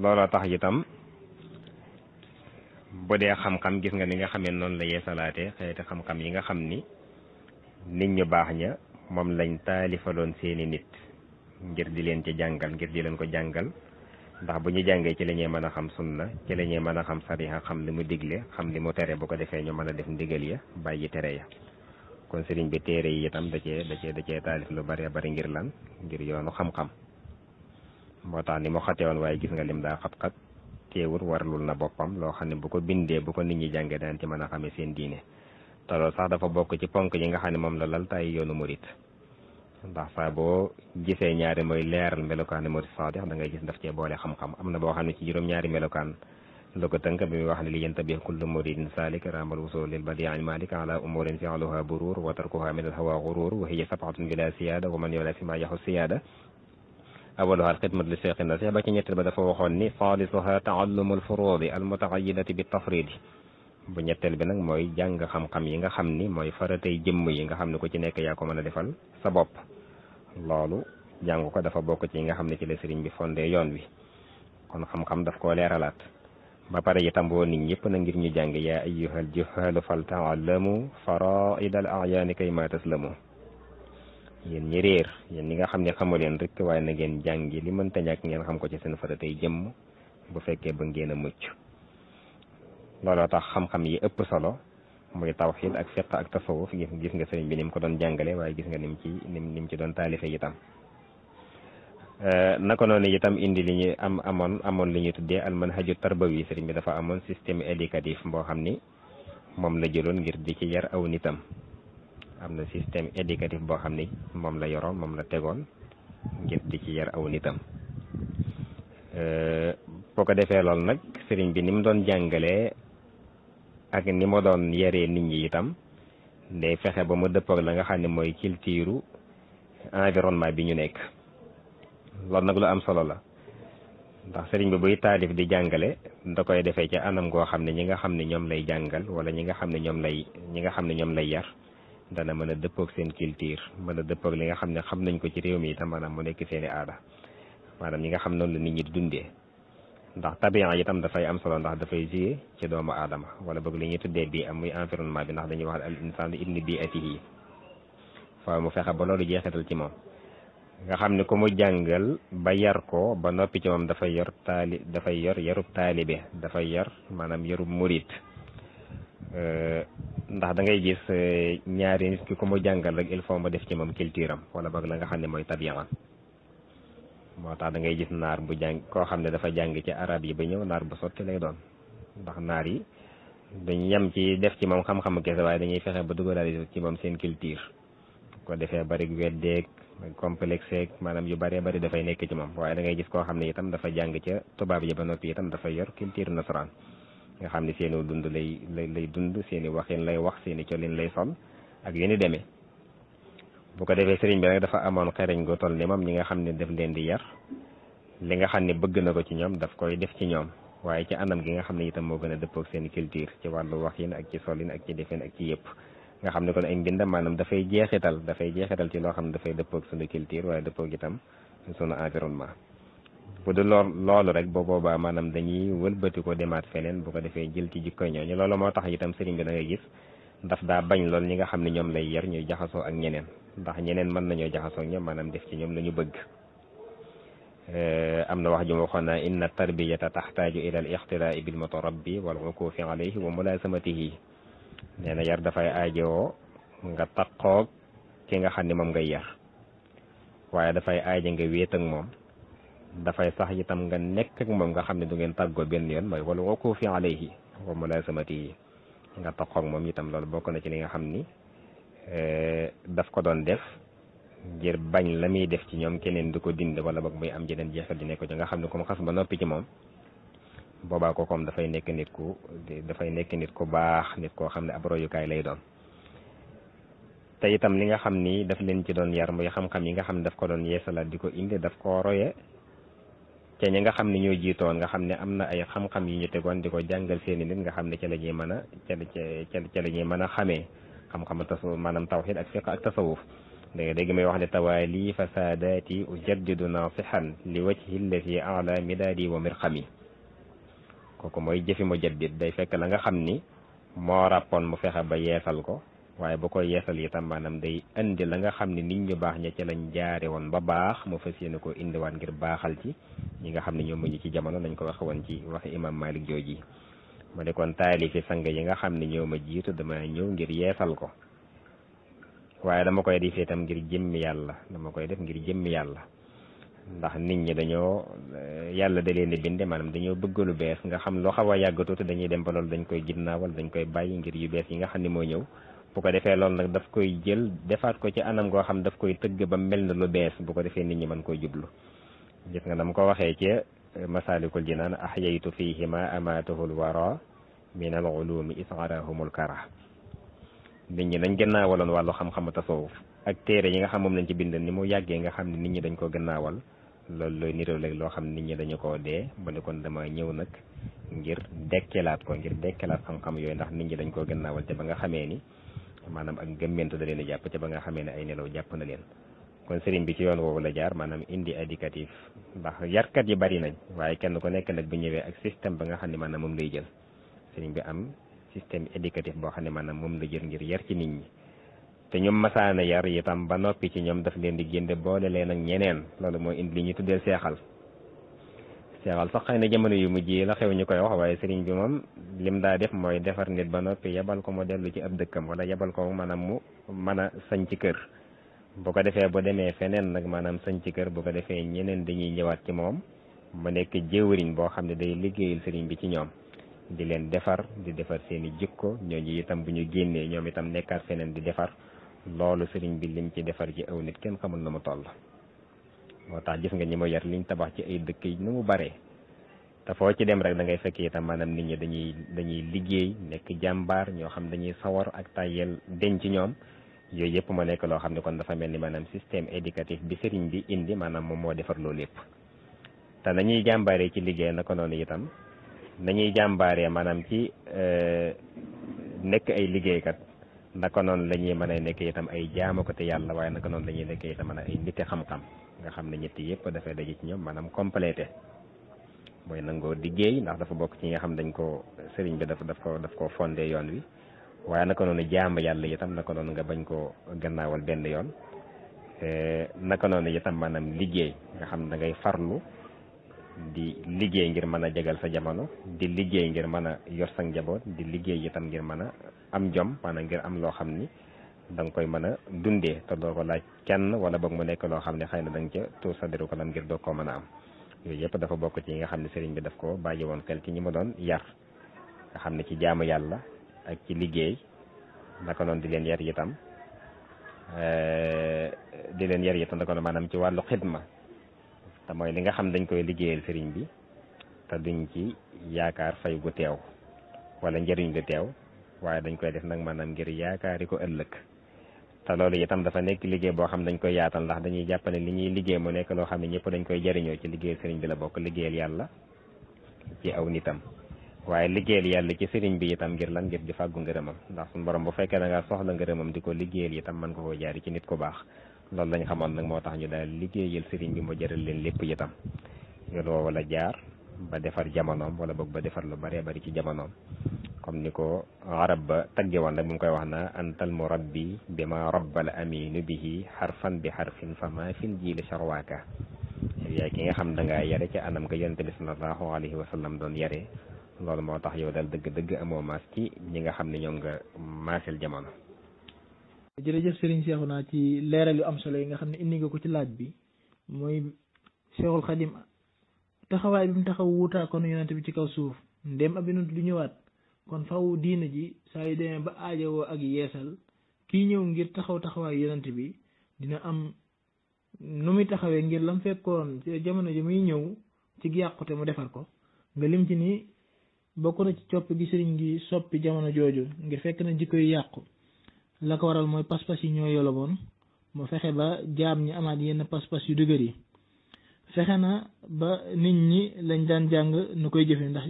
looloo tax itam bu dee xam-xam gis nga ni nga xamee noonu la yeesalaate xeeti xam-xam yi nga xam ni nit ñu baax ña moom lañ taalifaloon seeni nit ngir di leen ci jàngal ngir di leen ko jàngal ndax bu ñu jàngee ci la ñuy mën a xam sunna ci la ñuy mën a xam sariha xam li mu digle xam li mu tere bu ko defee ñu mën a def ndigal ya bàyyi tere ya kon sëriñ bi téere yi itam da cee da cee da cee taalif lu bari bari ngir lan ngir yoonu xam-xam moo tax ni mu xate woon waaye gis nga lim daa xat-xat teewul warlul na boppam loo xam ne bu ko bindee bu ko nit ñi jàngee daan ci mën a xamee seen diine te loolu sax dafa bokk ci ponk yi nga xam ne moom la lal tay yoonu murit ndax saa boo gisee ñaari mooy leeral melokaani murid saadix da ngay gis daf cee boole xam-xam am na boo xam ne ci juróom-ñaari melokaan la ko tënk bi muy wax ne li yantabih kullu muridin salik ramal wusul lil badi an malik ala umurin fi'luha burur wa tarkuha min al hawa gurur wa hiya sab'atun bila siyada wa man yola fi ma yaxu siyada أولها الخدمة للشيخ النصيح بكين يتلب دفو خوني ثالثها تعلم الفروض المتقيدة بالتفريد bu ñetteel bi nag mooy jàng xam-xam yi nga xam ni mooy faratay jëmm yi nga xam ne ko ci nekk yaa ko mën a defal sa bopp loolu jàng ko dafa bokk ci yi nga xam ne ci la sëriñ bi fondé yoon wi kon xam-xam daf koo leeralaat ba pare itam boo nit ñëpp na ngir ñu jàng yaa ayyuhal juhaalu fal taallamu dal ayaani kay ma taslamu yéen ñi réer yéen ñi nga xam ne xamu leen rek waaye na ngeen jàngi li mënta ñàkk ngeen xam ko ci seen faratay jëmm bu fekkee ba ngeen a mucc looloo tax xam-xam yi ëpp solo muy tawxiid ak fiq ak tasawuf gis gis nga sëriñ bi ni mu ko doon jàngale waaye gis nga nim ci nim ni mu ci doon taalife itam euh, naka noonu itam indi li ñu am amoon amoon li ñuy tuddee almanhaju tarbawi sëriñ bi dafa amoon système éducatif boo xam ni moom la jëloon ngir di ci yar aw nitam am na système éducatif boo xam ni moom la yoroon moom la tegoon di ci yar aw nitam euh, boo ko defee loolu nag sëriñ bi ni mu doon jàngalee ak ni ma doon yaree nit ñi itam day fexe ba mu dëppook la nga xam ne mooy culture environnement bi ñu nekk loolu nag lu am solo la ndax sëriñ bi buy taalif di jàngale da koy defee ci anam koo xam ne ñi nga xam ne ñoom lay jàngal wala ñi nga xam ne ñoom lay ñi nga xam ne ñoom lay yar dana mën a dëppoog seen culture mën a dëppoog li nga xam ne xam nañ ko ci réew mi itam maanaam mu nekk seeni aada maanaam ñi nga xam noonu la nit ñi dundee ndax tabian itam dafay am solo ndax dafay jiyee ci doomu aadama wala boog li ñuy tuddee bii am muy environnement bi ndax dañuy wax al insaan ibni biatihi faaw mu fexe ba loolu jeexital ci moom nga xam ne ku jàngal ba yar ko ba noppi ci moom dafay yor taali dafay yor yarub taalibe dafay yor maanaam yarub murit ndax da ngay gis ñaari nit ki ku mu jàngal rek il faut mu def ci moom culture am wala boog la nga xam ne mooy tabian moo tax da ngay gis naar bu jàng koo xam ne dafa jàng ci arab yi ba ñëw naar bu sotti lay doon ndax naar yi dañ yem ci def ci moom xam-xam kese waaye dañuy fexe ba dugalaale ci moom seen culture ko defee bari weddeeg complexe maanaam yu bëree bari dafay nekk ci moom waaye da gis koo xam ne itam dafa jàng ca tubaab yi ba noppi itam dafa yor culture nasaraan nga xam ne seeni dund lay lay lay dund seeni waxin lay wax seeni colin lay sol ak yéen demee bu ko defee sëriñ bi nag dafa amoon xereñ gu toll ni moom ñi nga xam ne daf leen di yar li nga xam ne bëgg na ko ci ñoom daf koy def ci ñoom waaye ci anam gi nga xam ne itam moo gën a dëppoog seen culture ci wàllu waxin ak ci solin ak ci defin ak ci yëpp nga xam ne kon ay mbindam maanaam dafay jeexital dafay jeexital ci loo xam ne dafay dëppoog sunu culture waaye dëppoog itam sunu environnement bu du lool loolu rek boo boobaa maanaam dañuy wëlbati ko demaat feneen bu ko defee jël ci jikko ñooñu loolu moo tax itam sëriñ bi da ngay gis daf daa bañ lool ñi nga xam ne ñoom lay yar ñuy jaxasoo ak ñeneen ndax ñeneen mën nañoo jaxasoog ñoom maanaam def ci ñoom la ñu bëgg eh, am na wax ju ma waxoon naa inna tarbiyata taxtaaju ila al ixtiraa bil mutarabbi wal ukufi alayhi wa mulasamatihi nee na yar dafay aajowoo nga taqoog ki nga xam ne moom ngay yar waaye dafay aaje nga ak moom dafay sax itam nga nekk ak moom nga xam ne du ngeen tàggoo benn yoon mooy wal ukufi alayhi wa mulasamatihi nga taqoog moom itam loolu bokk na ci li nga xam ni Eh, daf ko doon def ngir bañ la muy def ci ñoom keneen di ko dind wala boog muy am jeneen jeexal di nekk ci nga xam ne comme xas ba noppi ci moom boobaa ko comme dafay nekk nit ku dafay nekk nit ku baax nit koo xam ne ab royukaay lay doon te itam li nga xam ni daf leen ci doon yar muy xam-xam yi nga xam ne daf ko doon yeesalaat di ko indi daf koo roye te ñi nga xam ne ñoo jiitoon nga xam ne am na ay xam-xam yi ñu tegoon di ko jàngal seeni nit nga xam ne ca la ñuy mën a ca ca ca la ñuy mën a xamee xam-xamu tasawuf maanaam tawxid ak fiq ak tasawuf danga dégg may wax ne tawaali fasaadaati ujaddidu naasixan li wajhi allati ala midaadi wa mirxami kooku mooy jëfi mu jaddid day fekk la nga xam ni moo ràppoon mu fexe ba yeesal ko waaye boo ko yeesal itam maanaam day indi la nga xam ni nit ñu baax ña ci lañ jaare woon ba baax mu fas yéene koo indiwaat ngir baaxal ci ñi nga xam ne ñoo mujj ci jamono lañ ko wax woon ci waxi imam malik jooji ma ne kon taalifi sang yi nga xam ne ñëw ma jiitu dama ñëw ngir yeesal ko waaye dama koy def itam ngir jëmmi yàlla dama koy def ngir jëmmi yàlla ndax nit ñi dañoo yàlla da leen di man maanaam dañoo bëgg lu bees nga xam loo xaw a yàgg tuuti dañuy dem ba loolu dañ koy ginnaawal dañ koy bàyyi ngir yu bees yi nga xam ne moo ñëw bu ko defee loolu nag daf koy jël defaat ko ci anam goo xam daf koy tëgg ba mel na lu bees bu ko defee nit ñi mën koo jublu gis nga a masalikul jinaan axyaytu fihima amatahu lwara min al ulumi isarahumul kara nit ñi dañ gannaawaloon wàllu xam-xam tasawuf ak téere yi nga xam moom lañ ci bind ni mu yàggee nga xam ne nit ñi dañ ko gannaawal loolu looy niroo loo xam ne nit ñi dañu koo dee ba ne kon ñëw nag ngir dekkilaat ko ngir dekkilaat xam-xam yooyu ndax nit ñi dañ koo gannaawal te ba nga xamee ni maanaam ak gëmmentu da leen a jàpp te ba nga xamee ne ay nelaw jàpp na leen kon serigne bi ci yoon woowu la jaar manam indi indicatif ndax yarkat yi bari nañ waye kenn ko nek nak bu ñëwee ak système ba nga xamni manam mom lay jël serigne bi am système indicatif bo xamni manam mom la jël ngir yar ci nit ñi yar tam ba nopi ci ñom daf leen di génne boole leen ak ñeneen lolu moo indi li ñi tuddel séxal séxal sax xeyna jëmëne yu mujj la xew ñukoy wax waye serigne bi mom lim da def moy defar nit ba nopi yabal ko mo delu ci ab dëkkam wala yabal ko manam mu mëna sañ ci kër bu ko defee bu demee feneen nag maanaam sañ ci kër boo ko defee ñeneen dañuy ñëwaat ci moom mu nekk jëwriñ boo xam ne day liggéeyal sëriñ bi ci ñoom di leen defar di defar seen i jikko ñooñu itam bu ñu génnee ñoom itam nekkaat seneen di defar loolu sëriñ bi lim ci defar ci aw nit kenn xamul na mu toll moo tax gis nga ñi ma yar liñ tabax ci ay dëkk yi nu mu baree te foo ci dem rek da ngay fekk itam maanaam nit ñi dañuy dañuy liggéey nekk jàmbaar ñoo xam dañuy sawar ak tàyyeel denc ñoom yooyu yëpp ma nekk loo xam ne kon dafa mel ni maanaam système éducatif bi sëriñ bi indi maanaam moom moo defar loolu te nañuy jàmbaaree ci liggéey naka noonu itam nañuy jàmbaaree maanaam ci euh, nekk ay liggéeykat naka noonu la ñuy mën a nekk itam ay jaamu ko te yàlla waaye noonu la ñuy nekk itam maanaam ay nite xam-xam nga xam ne ñett yëpp dafay daje ci ñoom maanaam complété mooy nangoo liggéey ndax dafa bokk ci nga xam dañ ko sëriñ bi daf daf ko daf ko fondé yoon wi waaye naka noonu jaamu yàlla itam naka noonu nga bañ koo gannaawal benn yoon naka noonu itam maanaam liggéey nga xam da ngay farlu di liggéey ngir mën a jagal sa jamono di liggéey ngir mën a yor sa njaboot di liggéey itam mën a am jom maanaam ngir am loo xam ni da koy mën a dundee te doo ko laaj kenn wala boog mu nekk loo xam ne xëy na da nga ca tuur ko lam ngir doog ko mën a am yooyu yëpp dafa bokk ci yi nga xam ne sëriñ bi daf ko bàyyi woon xel ci ñi ma doon yar nga xam ne ci jaamu yàlla ak ci liggéey naka noonu di leen yar itam eh, di leen yar itam naka noonu maanaam ci wàllu xidma te mooy li nga xam dañ koy liggéeyal sëriñ bi te duñ ci yaakaar fay gu teew wala njëriñ gu teew waaye dañ koy def nag maanaam ngir yaakaari ko ëllëg te loolu itam dafa nekk liggéey boo xam dañ koy yaatal ndax dañuy jàppale ne li ñuy liggéey mu nekk loo xam ne ñëpp dañ koy jariñoo ci liggéeyal sëriñ bi la bokk liggéeyal yàlla ci aw nitam waye liggéeyal yalla ci serigne bi itam ngir lan ngir di fàggu ngërëmam ndax sun borom bu fekke da nga soxla ngërëmam di ko liggéeyal itam man ko ko jaari ci nit ko bax lool lañ xamoon nak motax ñu daal liggéeyal serigne bi mo jaral leen lepp itam yoon woowu la jaar ba defar jamonoom wala bok ba defar lu bare bare ci jamonoom comme niko ko arab ba tagge won nag bu ngi wax na antal murabbi bima rabbal amin bihi harfan bi harfin fa ma fin jiili charwaaka yaay ki nga xam da nga yare ci anam ga yantabi sallallahu alaihi wasallam don yare loolu moo tax yow daal dëgg-dëgg amoo maas ci ñi nga xam ne ñoom nga maaseel jamono. jërëjëf Serigne naa ci leeral yu am solo yi nga xam ne indi nga ko ci laaj bi mooy Cheikhul Khadim taxawaay bi mu taxaw wuutaa kon yonent bi ci kaw suuf ndéem ab yonent du ñëwaat kon faw diina ji saa ba aajowoo ak yeesal kii ñëw ngir taxaw taxawaay yonent bi dina am nu muy taxawee ngir lam fekkoon jamono ji muy ñëw ci yàqute mu defar ko nga lim ci ni. bokk na ci copp gi sëriñ gi soppi jamono jooju ngir fekk na jikko yu yàqu la ko waral mooy pas-pas yi ñoo yoloboon mu fexe ba jaam ñi amaat yenn pas-pas yu dëgër yi fexe na ba nit ñi lañ daan jàng nu koy jëfe ndax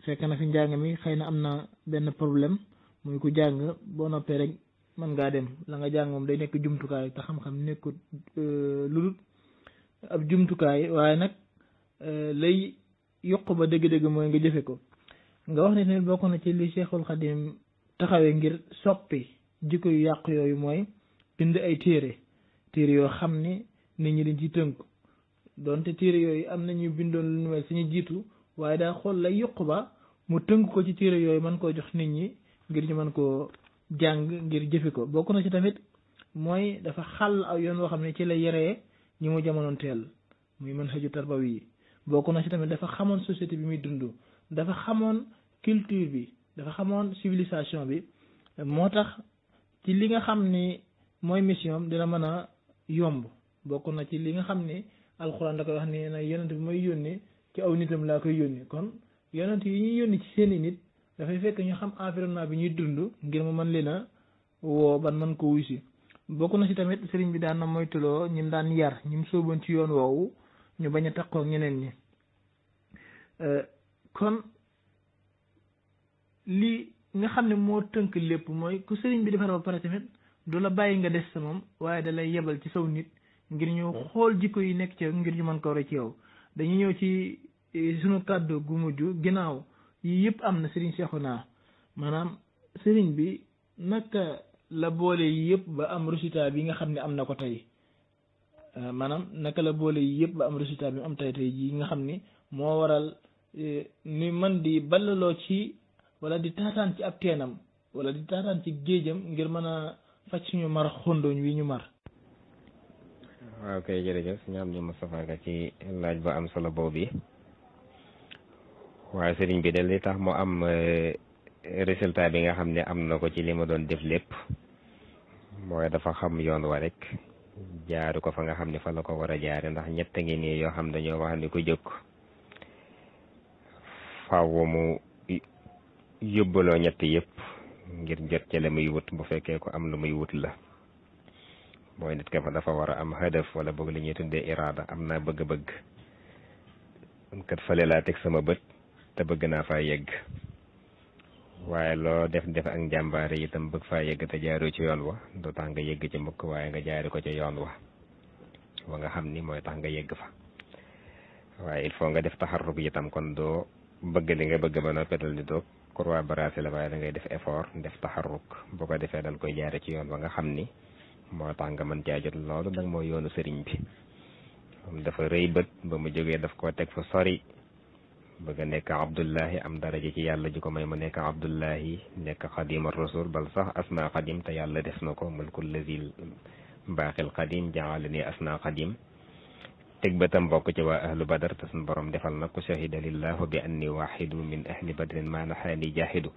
fekk na fi njàng mi xëy na am na benn problème muy ku jàng boo noppee rek mën ngaa dem la nga jàng moom day nekk jumtukaay te xam-xam nekkut euh, lu dul ab jumtukaay waaye nag euh, lay yokk ba dëgg-dëgg mooy nga jëfe ko nga wax ne tamit bokk na ci li Cheikhul Khadim taxawee ngir soppi jikko yu yàq yooyu mooy bind ay téere téere yoo xam ne nit ñi dañ ciy tënku donte téere yooyu am na ñu bindoon lu mel suñu jiitu waaye daa xool lay yuq ba mu tënk ko ci téere yooyu mën koo jox nit ñi ngir ñu mën koo jàng ngir jëfe ko bokk na ci tamit mooy dafa xal aw yoon woo xam ne ci la yaree ñi mu jamonoon teel muy mën xëju tarbaw yi bokk na ci tamit dafa xamoon société bi muy dund dafa culture bi dafa xamoon civilisation bi moo tax ci li nga xam ni mooy mission dina mën a yomb bokk na ci li nga xam ni alxuraan da koy wax ni nag yonent bi may yónni ci aw nitam laa koy yónni kon yonent yi ñuy yónni ci seeni nit dafay fekk ñu xam environnement bi ñuy dund ngir mu mën leen a woo ban mën ko si bokk na si tamit sëriñ bi daan na moytuloo ñim daan yar ñim sóoboon ci yoon woowu ñu bañ a takkoo ak ñeneen ñi euh, kon lii nga xam ne moo tënk lépp mooy ku sëriñ bi defar ba pare tamit du la bàyyi nga des sa moom waaye da lay yebal ci saw nit ngir ñu mm. xool jikko yi nekk ci ngir ñu man ko rek ci yow dañu ñëw ci eh, sunu kàddu gu mujj ginnaaw yi yëpp am na sëriñ naa maanaam sëriñ bi naka la boole yi yëpp ba am résultat bi nga xam ne am na ko tey euh, maanaam naka la boole yi yëpp ba am résultat bi mu am tey tey jii nga xam ni moo waral eh, ni man di ballaloo ci wala di taataan ci ab teenam wala di taataan ci géejam ngir mën a faj suñu mar xondooñ wi ñu mar waaw kay jërëjëf ñu am di Moustapha Ka ci laaj ba am solo boobu bi waaye sëriñ bi de li tax moo am euh, résultat bi nga xam ne am na ko ci li ma doon def lépp mooy dafa xam yoon wa rek jaaru ko fa nga xam ne fa la ko war a jaare ndax ñett ngi nii yoo xam ne dañoo wax ni ku jóg faaw mu yóbbaloo ñett yëpp ngir jot ca muy wut bu fekkee ko am lu muy wut la mooy nit ka fa dafa war a am hadaf wala boog li ñuy tuddee iraada am naa bëgg-bëgg kat fale laa teg sama bët te bëgg naa faa yegg waaye loo def def ak njàmbaare itam bëgg faa yegg te jaaroo ci yoon wa doo tax nga yegg ci mbokk nga jaari ko ci yoon wa wa xam ni mooy tax nga yegg fa waaye il faut nga def taxarrub itam kon doo bëgg li nga bëgg ma noppi dal di toog croix bracelet la waaye da ngay def effort def taxaruk boo ko defee dal koy jaare ci yoon ba nga xam ni moo tax nga mën caa jot yoonu sëriñ bi moom dafa rëy bët ba mu jógee daf koo teg fa sori bëgg a nekk abdullahi am daraja ci yàlla ji ko may mu nekk abdullahi nekk xadima rasul bal sax asna xadim te yàlla def na ko mulkul lazil baaxil xadim jaxale asna xadim teg bëtam bokk ci waa ahlu badar te suñu borom defal na ko shahida lillahu bi anni waxidu min ahli badrin maanaxaani jaaxidu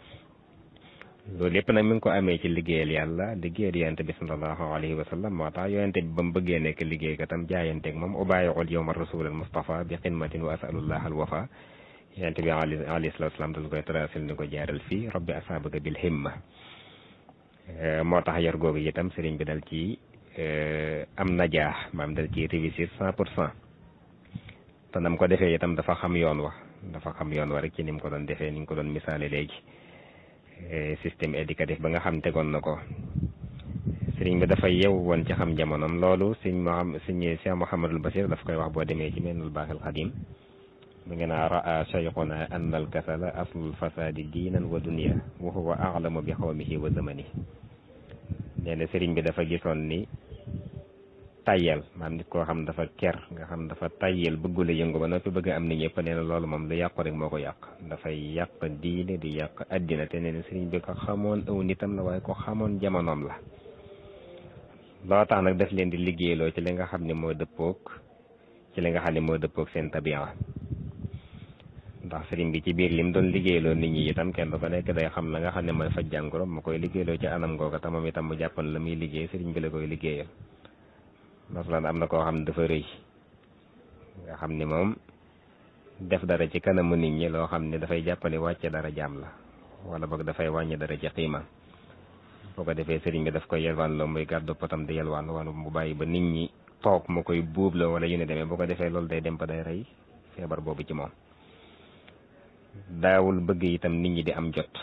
loolu yëpp nag mi ngi ko amee ci liggéeyal yàlla liggéeyal yonente bi salallahu alayhi wa sallam moo tax yonente bi ba mu bëggee nekk liggéey katam jaayanteeg moom ubaayiul yowma rasul al mustapha bi xidmatin wa asalullah al wafa yonente bi alayhi salatu salaam ni ko jaaral fii rabbi asaabaka bil himma moo tax yar googu itam sëriñ bi dal ci Euh, am na jaax maam dal ci réussir cent pour cent te nam ko defee itam dafa xam yoon wa dafa xam yoon wa rek ci ni mu ko doon defee ni nga ko doon misaale léegi euh, système éducatif ba nga xam tegoon na ko sëriñ bi dafa yew woon ci xam jamonoom loolu sëñ Mouham sëñ Cheikh Mouhamadul Basir daf koy wax boo demee ci mennul baaxil xadim mu ngi naa raa cheikhuna anna al kasala aslul fasadi diinan wa dunia wa huwa axlamu bi xawmihi a zamani nee na sëriñ bi dafa gisoon ni tayel maanaam nit koo xam dafa ker nga xam dafa tayel bëggule yëngu ba noppi bëgg am nit ñëpp nee loolu moom lu yàqu rek moo ko yàq dafa yàq diine di yàq addina te ne na sëriñ bi ko xamoon aw nitam la waaye ko xamoon jamonoom la loo tax nag daf leen di liggéeyloo ci li nga xam ne moo dëppoog ci li nga xam ne moo dëppoog seen tabian ndax sëriñ bi ci biir doon liggéeyloo nit ñi itam kenn du nekk day xam la nga xam ne mooy faj jàngoro ma koy liggéeyloo ci anam googa moom itam mu jàppoon la muy liggéey sëriñ bi la koy liggéeyal masalan am na koo xam ne dafa rëy nga xam ni moom def dara ci kanamu nit ñi loo xam ne dafay jàppale wàcce dara jaam la wala boog dafay wàññi dara ci xiima boo ko defee sëriñ bi daf koy yelwaan loo muy gàddu potam di yelwaan wala mu bàyyi ba nit ñi toog mu koy buub la wala yu ne demee boo ko defee loolu day dem ba day rey feebar boobu ci moom daawul bëgg itam nit ñi di am jot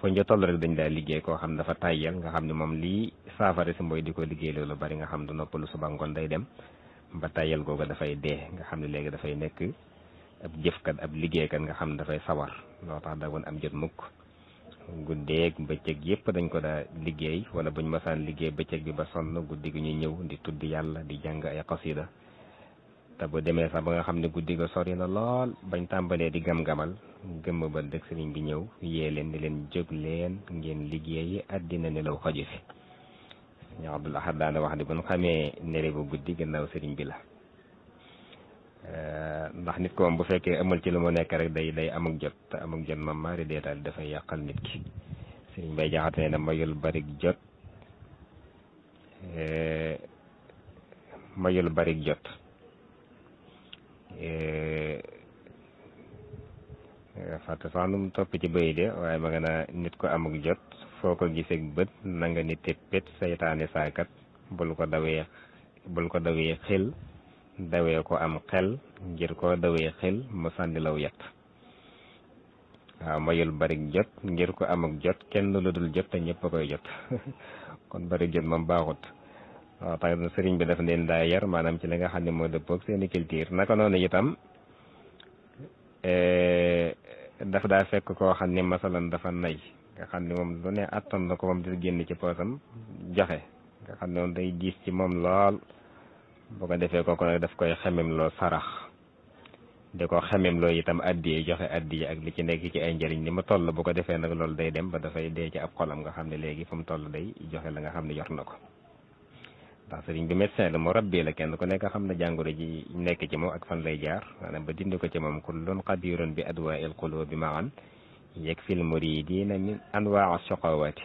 foo ñu toll rek dañ daa liggéey koo xam ne dafa tàyyal nga xam ne moom lii saafara si mooy di ko liggéey loolu bari nga xam du noppalu suba ngoon day dem ba tayal googu dafay dee nga xam ne léegi dafay nekk ab jëfkat ab liggéeykat nga xam ne dafay sawar loo tax da woon am jot mukk guddeeg bëccëg yëpp dañ ko daa liggéey wala buñ masaan liggéey bëccëg bi ba sonn guddi gi ñu ñëw di tudd yàlla di jàng ay xasida te bu demee sax ba nga xam ne guddi ga sori na lool bañ tàmbalee di gam-gamal gëmm ba dëkk sëriñ bi ñëw yée leen ni leen jóg leen ngeen liggéeyi àddina nelaw xaju fi sëñ Abdul Ahad daana wax ni bu ñu xamee nere bu guddi gannaaw sëriñ bi la eh, ndax nit koom bu fekkee amul ci lu mu nekk rek day day amuk jot te amuk jot moom dee daal dafay yàqal nit ki sëriñ bay jaxate ne na mayul barik jot eh, mayul barik jot eh, fàtte sax nu mu topp ci bëy de waaye ma nga naa nit ko amuk jot soo ko giseeg bët na ni téppét saytaane saakat bul ko dawee bul ko dawee xel dawee ko am xel ngir ko dawee xel mu sànni law yet waaw mayul barik jot ngir ko am ak jot kenn lu dul jot te ñëpp koy jot kon barik jot moom baaxut waaw tax sëriñ bi dafa leen daa yar maanam ci li nga xam ne moo dëppoog seeni culture naka noonu itam eh, dafa daa fekk koo xam ne masalan dafa nay nga xam ne moom lu ne attan na ko moom di génn ci poosam joxe nga xam ne moom day diis ci moom lool boo ko defee kooku nag daf koy xemem loo sarax di ko xemem loo itam addiye joxe addiye ak li ci nekk ci ay njëriñ ni mu toll bu ko defee nag day dem ba dafay dee ci ab xolam nga xam ne léegi fu mu toll day joxe la nga xam ne yor na ko ndax sëriñ bi médecin la mu rabbi la kenn ku nekk xam na jàngoro ji nekk ci moom ak fan lay jaar maanaam ba dindi ko ci moom kullun qadirun bi adwa il qulubi maan yakfil muridina min anwaa shaqawaati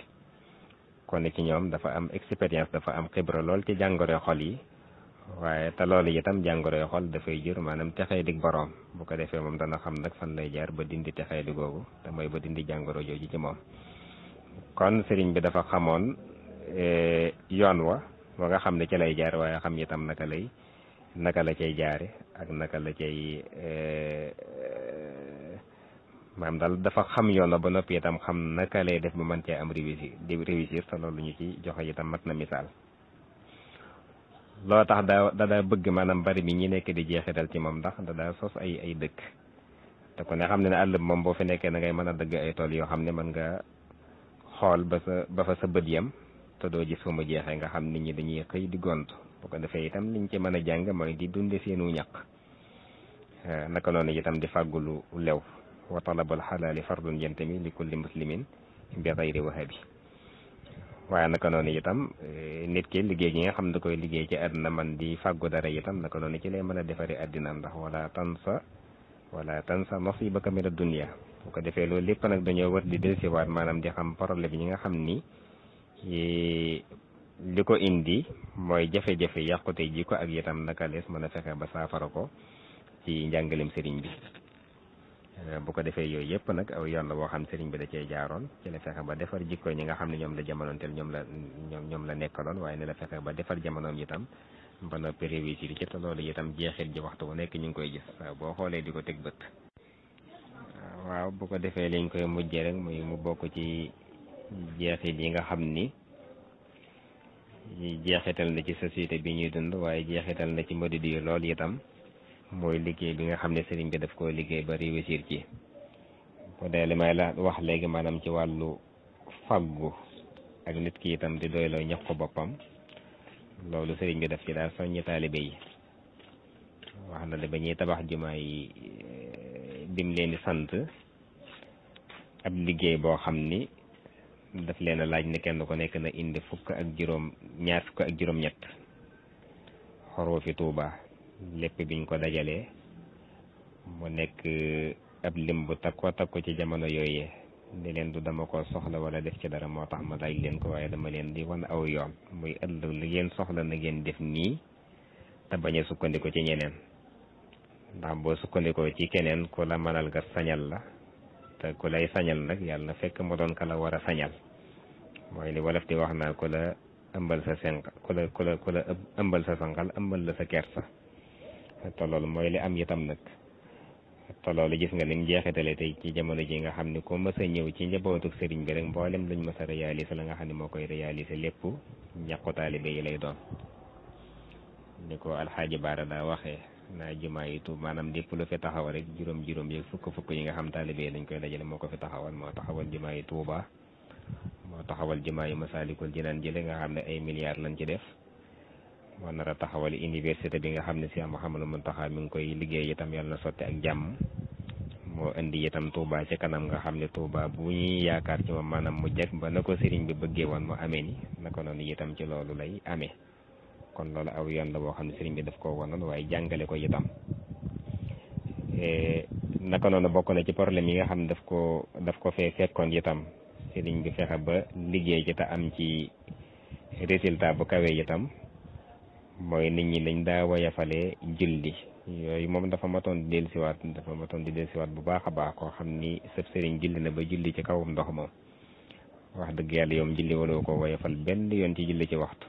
kon ci ñoom dafa am expérience dafa am xibra lool ci jàngoro xol yi waaye te loolu itam jàngoro xol dafay jur maanaam te dig boroom bu ko defee moom dana xam nag fan lay jaar ba dindi texee di googu te mooy ba dindi jàngoro jooju ci moom kon sëriñ bi dafa xamoon eh, yoon wa wa nga xam ne ci lay jaar waaye xam itam naka lay naka la cay jaare ak naka la cay eh, maam dal dafa xam yoon la ba noppi itam xam naka lay def ba man cee am réussir di réussir sa loolu ñu ci joxe itam mat na misaal loo tax daa daa bëgg maanaam bari mi ñi nekk di jeexital ci moom ndax da daa sos ay ay dëkk te ku ne xam ne ne àll bi moom boo fi nekkee da ngay mën a dëgg ay tool yoo xam ne mën nga xool ba sa ba fa sa bët yam te doo gis fu mu jeexee nga xam nit ñi dañuy xëy di gont bu ko defee itam liñ ci mën a jàng mooy di dunde seenu ñàkk eh, naka noonu itam di fàggulu lew وطلب الحلال فرض fardun لكل مسلم بغير وهابي waye naka noonu itam eh, nit ki liggey gi nga xam da koy liggey ci àddina man di fàggu dara itam naka noonu ci lay meuna defare defaree ndax wala tansa wala tansa nasibaka min ad-dunya bu ko defé loolu lepp nak dañu wër di delsiwaat manam di xam problème yi nga xam ni li ko indi moy jafé jafé yàqute jiko ak itam naka les meuna fexé ba safara ko ci njangalim serigne bi Euh, bu ko defee yooyu yëpp nag aw yoon la boo xam sëriñ bi da cee jaaroon ci la fexe ba defar jikko ñi nga xam ne ñoom la jamonoonteel ñoom la ñoom ñoom la nekkaloon waaye ne la fexe ba defar jamonoom itam ba noppi réussir ci te loolu itam jeexit ji waxtu bu nekk ñu ngi koy gis boo xoolee di ko teg bët. waaw bu ko defee lañ koy mujjee rek muy mu bokk ci jeexit yi nga xam ni jeexital na ci société bi ñuy dund waaye jeexital na ci di yi lool yitam mooy liggéey bi nga xam ne sëriñ bi daf koo liggéey ba réussir ci bu dee li may la wax léegi maanaam ci wàllu faggu ak nit ki itam di looy ñax ko boppam loolu sëriñ bi daf ci daal soññi taalibe yi wax na ne ba ñuy tabax jumaa yi eh, bim leen di sant ab liggéey boo xam ni daf leen a laaj ne kenn ko nekk na indi fukk ak juróom ñaar fukk ak juróom-ñett xoroo fi tuubaa lépp biñ ko dajalee mu nekk euh, ab lim bu takkoo takku ci jamono yooyee ne leen du dama ko soxla wala def ci dara moo tax ma laaj leen ko waaye dama leen di wan aw yoon muy ëllëg li ngeen soxla na ngeen def nii te bañ a sukkandiku ci ñeneen ndax boo sukkandikoo ci keneen ku la mënal nga sañal la te ku lay sañal nag na fekk mu doon ka la war a sañal mooy li wolof di wax naa ku la ëmbal sa senq ku la ku la ëmbal sa sanqal ëmbal la sa kersa te loolu mooy li am itam nag te loolu gis nga ni mu jeexitale tey ci jamono ji nga xam ne ko mës a ñëw ci njabootu sëriñ bi rek mboolem luñ mës a réaliser la nga xam ne moo koy réaliser lépp ñàkku taalibe yi lay doon ni ko alxaaji baara daa waxee naa jumaa yi tuub maanaam lépp lu fi taxaw rek juróom-juróom yeeg fukk-fukk yi nga xam taalibe yi dañ koy dajale moo ko fi taxawal moo taxawal jumaa yi tuuba moo taxawal jumaa yi masaalikul jinaan jële nga xam ne ay milliards lañ ci def moo nar taxawal université bi nga xam ne Cheikh Mouhamadou Mountakha mi ngi koy liggéey itam yàlla na sotti ak jàmm moo indi itam Touba ci kanam nga xam ne Touba bu ñuy yaakaar ci moom maanaam mu jekk ba na ko sëriñ bi bëggee woon mu amee ni naka noonu itam ci loolu lay amee kon loolu aw yoon la boo xam ne sëriñ bi daf koo wonoon waaye jàngale ko itam e, naka noonu bokk na ci problème yi nga xam ne daf ko daf ko fee fekkoon itam sëriñ bi fexe ba liggéey ci te am ci résultat bu kawe itam mooy nit ñi nañ daa wayafalee julli yooyu moom dafa matoon di dellusiwaat dafa matoon di dellusiwaat bu baax a baax koo xam ni sëb sëriñ julli na ba julli ci kawam ndox moom wax dëgg yàlla yoom julli waloo ko wayafal benn yoon ci julli ci waxtu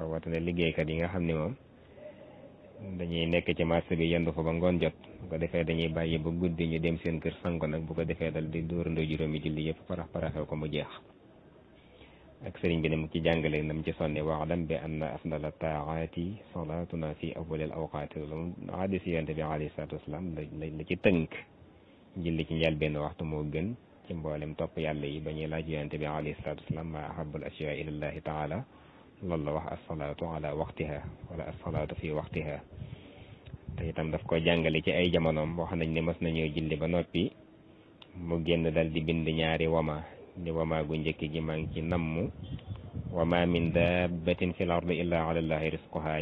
rawatina liggéeykat yi nga xam ne moom dañuy nekk ci marché bi yendu fa ba ngoon jot bu ko defee dañuy bàyyi ba guddi ñu dem seen kër sango nag bu ko defee dal di dóorandoo juróomi julli yëpp parax paraxee ko mu jeex ak sëriñ bi ne ci jàngale nam ci sonne waalam bi anna afdala taaxaati salaatuna fi awwalil awqaati loolu xadis yonte bi alayhi salaatu wasalaam la ci tënk ci njël benn waxtu moo gën ci mboolem topp yàlla yi ba ñuy laaj yonte bi alayhi salaatu wasalaam ma ahabul asiya ilallahi taala loolu la wax asalaatu ala waxtiha wala asalaatu fi waxtiha te itam daf ko jàngale ci ay jamonoom wax nañ ne mës nañoo julli ba noppi mu génn dal di bind ñaari wama di wamaa njëkk ji maa ngi ci namm wa ma min dabbatin fi l ardi illa ala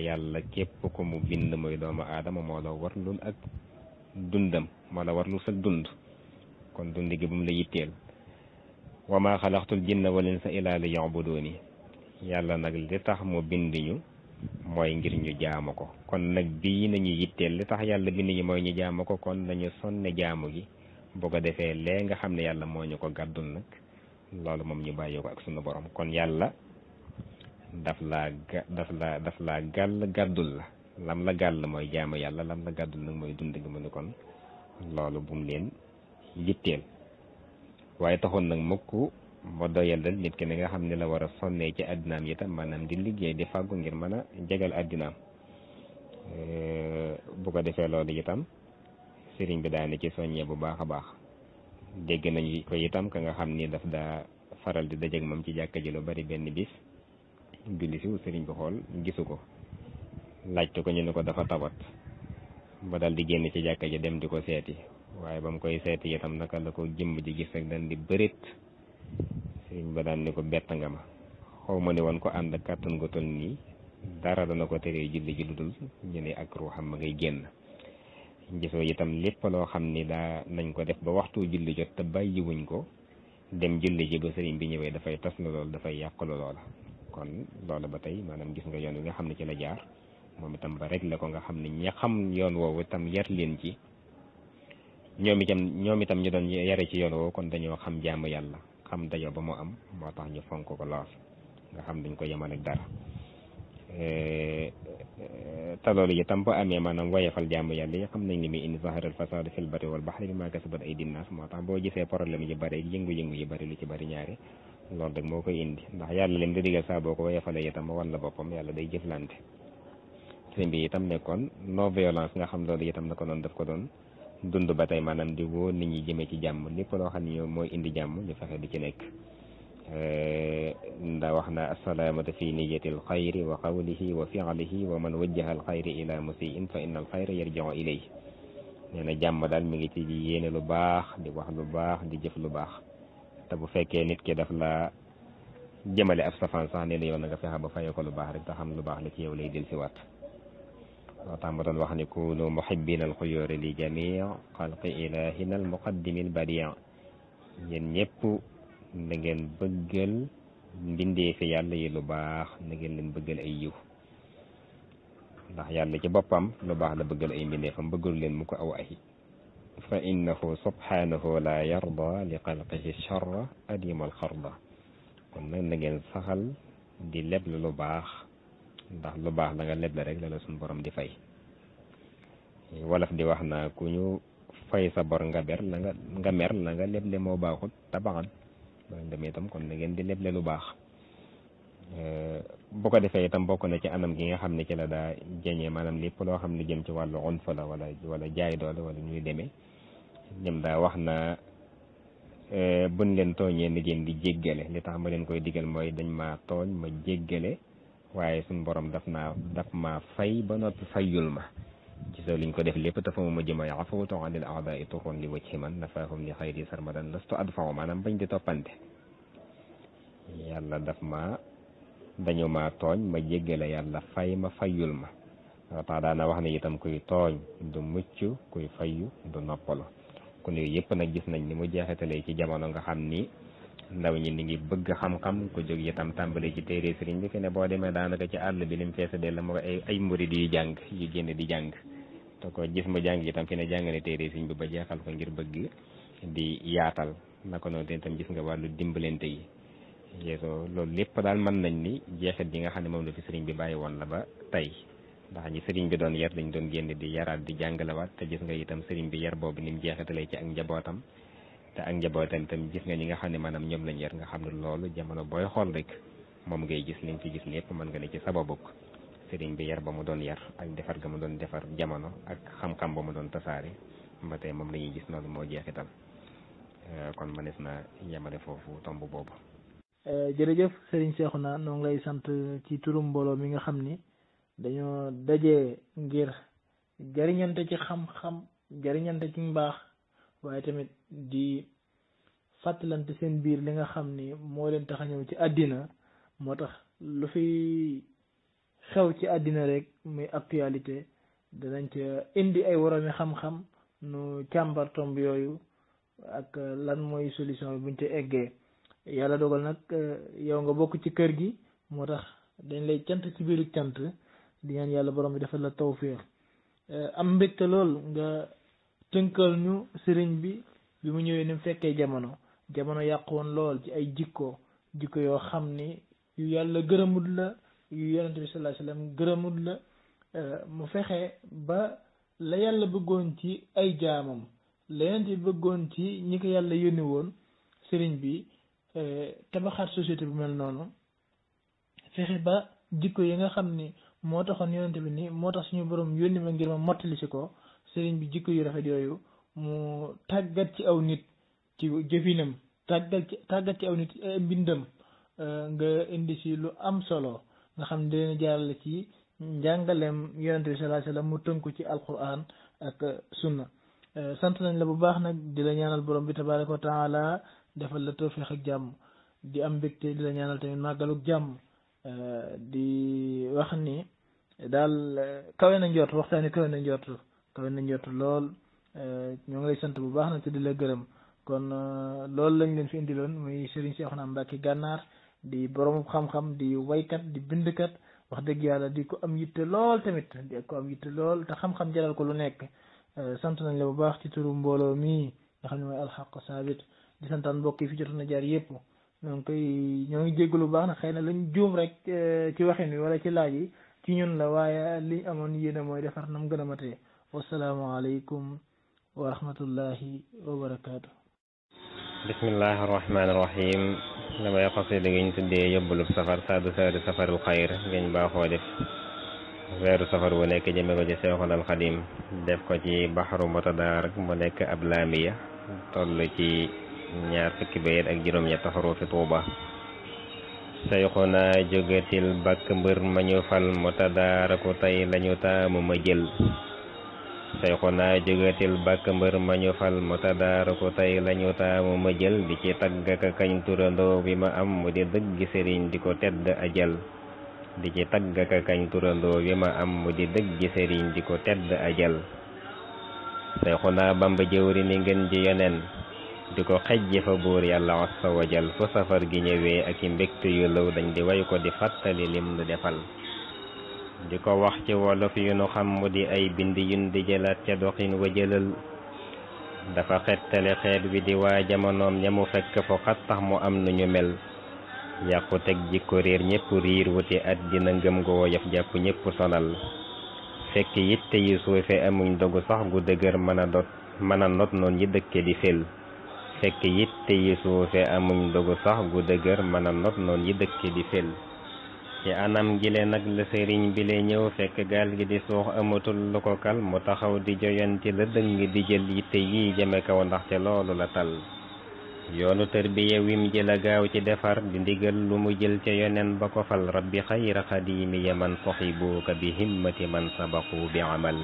yàlla képp ko mu bind muy doomu aadama moo la warlul ak dundam moo la warlul sa dund kon dund gi bu mu la yitteel wa ma xalaqtul jinna wal tax mu bind ngir ñu jaamu ko kon nag bii nañu yitteel li tax yàlla bind ñu mooy ñu jaamu ko kon nañu sonne jaamu gi boo ko defee lee nga xam ne yàlla moo ñu ko gàddul nag loolu moom ñu bàyyi ko ak sunu borom kon yàlla daf laa ga daf laa daf laa gàll gàddul la lam la gàll mooy jaamu yàlla lam la gàddul nag mooy dund gi mu ne kon loolu bu mu leen yitteel waaye taxoon nag mukk ma doyal dal nit ki ni nga xam ne la war a sonnee ci addinaam itam tam maanaam di liggéey di fàggu ngir mën a jegal addinaam bu ko defee loolu itam sëriñ bi daane ci soññee bu baax a baax dégg nañu ko itam ka nga xam ni daf daa faral di dajeeg moom ci jàkka ji lu bari benn bis julli si sëriñ bi xool gisu ko laajte ko ñu ne ko dafa tawat ba dal di génn ci jàkka ji dem di ko seeti waaye ba mu koy seeti itam naka la ko jëmm ji gis rek daan di bërit sëriñ ba daan ni ko bett nga ma xaw ma ne woon ko ànd kàttan gu toll nii dara dana ko teree julli ji lu dul ñu ne ak ruuxam ma ngay génn jëfew itam lépp loo xam ni daa nañ ko def ba waxtu julli jot te bay wuñ ko dem julli ji ba sëriñ bi ñëwee dafay tas la lool dafay yàq la loola kon loola ba tey maanaam gis nga yoon wi nga xam ne ci la jaar moom itam ba rek la ko nga xam ne ñi xam yoon woowu itam yar leen ci ñoom itam ñoom itam ñu doon yare ci yoon woowu kon dañoo xam jaamu yàlla xam dajoo ba mu am moo tax ñu fonk ko lool nga xam dañ ko yemal ak dara Eh, eh, te loolu itam bu amee maanaam wayefal jàmm yàlla yi xam nañ ni muy indi zaharal fasad fil barri wal baxri bi ma kasabat ay dinnaas moo tax boo gisee problème yi bëri yëngu-yëngu yi bëri lu ci bëri ñaari loolu rek moo koy indi ndax yàlla leen di digal saa boo ko wayefalee itam wan la boppam yàlla day jëflante sëñ bi tam nekkoon non violence nga xam loolu itam na ko doon def ko doon dund ba tey maanaam di woo nit ñi jëmee ci jàmm lépp loo xam mooy indi jàmm ñu di ci nekk دوحنا آه، السلامة في نية الخير وقوله وفعله ومن وجه الخير إلى مسيء فإن الخير يرجع إليه نحن جمع دال ميغي تي دي يين لو باخ دي واخ لو باخ دي جيف لو باخ تا بو فكي نيت كي داف لا جمالي اف صفان صاح نيل يونا فيها با فاي كو لو باخ رك تا خام لو باخ نيت يو لي ديل سي وات محبين الخيور لجميع خلق إلهنا المقدم البديع ين نيبو na ngeen bëggal mbindee fi yàlla yi lu baax na ngeen leen bëggal ay yiw ndax yàlla ci boppam lu baax la bëggal ay mbindeefam bëggalu leen mu ko aw ayi fa innahu subhanahu la yarda li xalqihi charra adimal xarda kon nag na ngeen saxal di leble lu baax ndax lu baax la nga leble rek la la suñu borom di fay wolof di wax naa ku ñu fay sa bor nga ber la nga mer la nga leble moo baaxut tabaxan ba demee itam kon na ngeen di leble lu baax euh, bu ko defee itam bokk na ci anam gi nga xam ne ci la daa jañee maanaam lépp loo xam ne jëm ci wàllu xonfa la wala jaay doole wala ñuy demee ñoom daa wax naa na euh, buñ leen tooñee na ngeen di jéggale li tax ma leen koy digal mooy dañ maa tooñ ma jéggale waaye suñ boroom daf naa daf maa fay ba noppi fayul ma gisoo liñ ko def lépp tafamu ma jëmay afawtu anil aadai turun li wajhi man nafaahum li xayri sarmadan lastu adfaw maanaam bañ di toppante yàlla daf ma dañu ma tooñ ma jéggale yàlla fay ma fayul ma watax daana wax ne itam kuy tooñ du mucc kuy fayu du noppalu kon yooyu yëpp nag gis nañ ni mu jeexitalee ci jamono nga xam ni ndaw ñi ni ngi bëgg xam-xam ku jóg itam tàmbali ci téere sëriñ bi fi ne boo demee daanaka ci àll bi lim feesa dell la ay ay murid yuy jàng yu di jàng te ko gis mu jàng itam fi ne jàng ne téere siñ bi ba jeexal ko ngir bëgg di yaatal na ko ten itam gis nga wàllu dimbalante yi loolu lépp daal mën nañ ni jeexit yi nga xam ne moom la fi sëriñ bi bàyyi woon la ba tey ndax ñi sëriñ bi doon yar dañ doon génn di yaraat di jàngalewaat te gis nga itam sëriñ bi yar boobu ni mu jeexitalee ci ak njabootam te ak njabootam itam gis nga ñi nga xam ne maanaam ñoom lañ yar nga xam ne loolu jamono booy xool rek moom ngay gis liñ ci gis lépp mën nga ne ci sababuk sëriñ bi yar ba mu doon yar ak defar ga mu doon defar jamono ak xam-xam ba mu doon tasaare ba moom lañuy gis noonu moo jeex jeexital euh, kon mënees na yemale foofu tomb boobu. Euh, jërëjëf sëriñ Cheikhouna noo ngi lay sant ci turum mbooloo mi nga xam ni dañoo daje ngir jariñante ci xam-xam jariñante ci mbaax waaye tamit di fàttalante seen biir li nga xam ni moo leen tax a ñëw ci àddina moo tax lu fi. xew ci àddina rek muy actualité danañ ca indi ay woroomi xam-xam nu càmbar tomb yooyu ak euh, lan mooy solution bi buñ ca eggee yàlla dogal nag euh, yow nga bokk ci kër gi moo tax dañ lay cant ci biiru cant di yàlla borom bi defal la tawféex euh, am mbégte lool nga sëriñ bi bi mu ñëwee ni mu fekkee jamono jamono yàqu lool ci ay jikko jikko yoo xam ni yu yàlla gërëmut la yu yonente bi sallallahu alayhi la euh, mu fexe ba la yàlla bëggoon ci ay jaamam la yonente bi bëggoon ci ñi ko yàlla yónni woon sëriñ bi euh, tabaxaat société bu mel noonu fexe ba jikko yi nga xam ni moo taxoon yonente bi ni moo tax suñu borom yónni ma ngir ma mottali si ko sëriñ bi jikko yu rafet yooyu mu tàggat ci aw nit ci jëfinam tàggat ci tàggat ci aw nit euh, mbindam nga indi si lu am solo nga xam ne dinañ jaarale ci njàngaleem yonente bi sallallahu alayhi mu tënku ci alquran ak sunna sant nañ la bu baax nag di la ñaanal borom bi ko wa taala defal la tawfiq ak jàmm di am mbégte di la ñaanal tamit màggaluk jàmm di wax ni daal kawe na njort waxtaani kawe na njort kawe na njort lool ñoo ngi lay sant bu baax nag te di la gërëm kon loolu lañ leen fi indiloon muy Serigne Cheikhouna Mbacké Gànnaar di borom xam-xam di waykat di bindkat wax dëgg yàlla di ko am yitte lool tamit di ko am yitte lool te xam-xam jaral ko lu nekk sant nañ la bu baax ci turu mbooloo mii nga xam ne mooy alxaq saabit di santaan mbokk yi fi jotoon na jaar yëpp ñoo ngi koy ñoo ngi jégg lu baax na xëy na lañ juum rek ci waxin wi wala ci laaj yi ci ñun la waaye liñ amoon yéene mooy defar nam gën a matee wasalaamaaleykum wa rahmatullahi wa barakaatu bismillahi rahmaani rahim damay xasida gi ñu tuddee yóbbalub safar saadu seeru safarul xayr ngeen baaxoo def weeru safar bu nekk jëme ko ci seexul alxadim def ko ci baxaru mutadaarak mu nekk ab laamiya toll ci ñaar fukki bayet ak juróom-ñett xaru fi tuuba sayxuna jógatil bakk mbër ma ñu fal mutadaaraku tey lañu taamu ma jël sayxunaa jógatil bàkk mbër mañu fal mu tadaara ko tey lañu taamu ma jël di ci tagg ka kañ turandoo bi ma am mu di dëgg sëriñ di ko tedd ajal di ci tagg ka kañ turandoo am mu di di ko tedd ajal sayxunaa bamba jëwri ni ngeen ji yeneen di ko xejje fa buur yàlla azza wa jal fu safar gi ñëwee ak i mbégte yu lëw dañ di way ko di fàttali lim nu defal di ko wax ci wolof yu nu xam mu di ay bind yun di jëlaat ca doxin wa jëlal dafa xettale xeet wi di waa jamonoom ña mu fekk fu xat tax mu am nu ñu mel yàqu teg jikko réer ñépp riir wuti at dina ngëm gu woyof jàpp ñépp sonal fekk yitte yi suufe amuñ dogu sax gu dëgër mën a dot mën a not noon yi dëkke di fel fekk it yi suufe amuñ dogu sax gu dëgër mën a not noon yi dëkke di fel ci anam gile nag la sëriñ bi lay ñëw fekk gaal gi di suux amatul lu ko kal mu taxaw di joyanti la dëng di jël yitte yi jëme kaw ndaxte loolu la tal yoonu tërbiya wim jëla gaaw ci defar di ndigal lu mu jël ca yoneen ba ko fal rabbi xayra xadiimi ya man soxibuuka bi himmati man sabaqu bi amal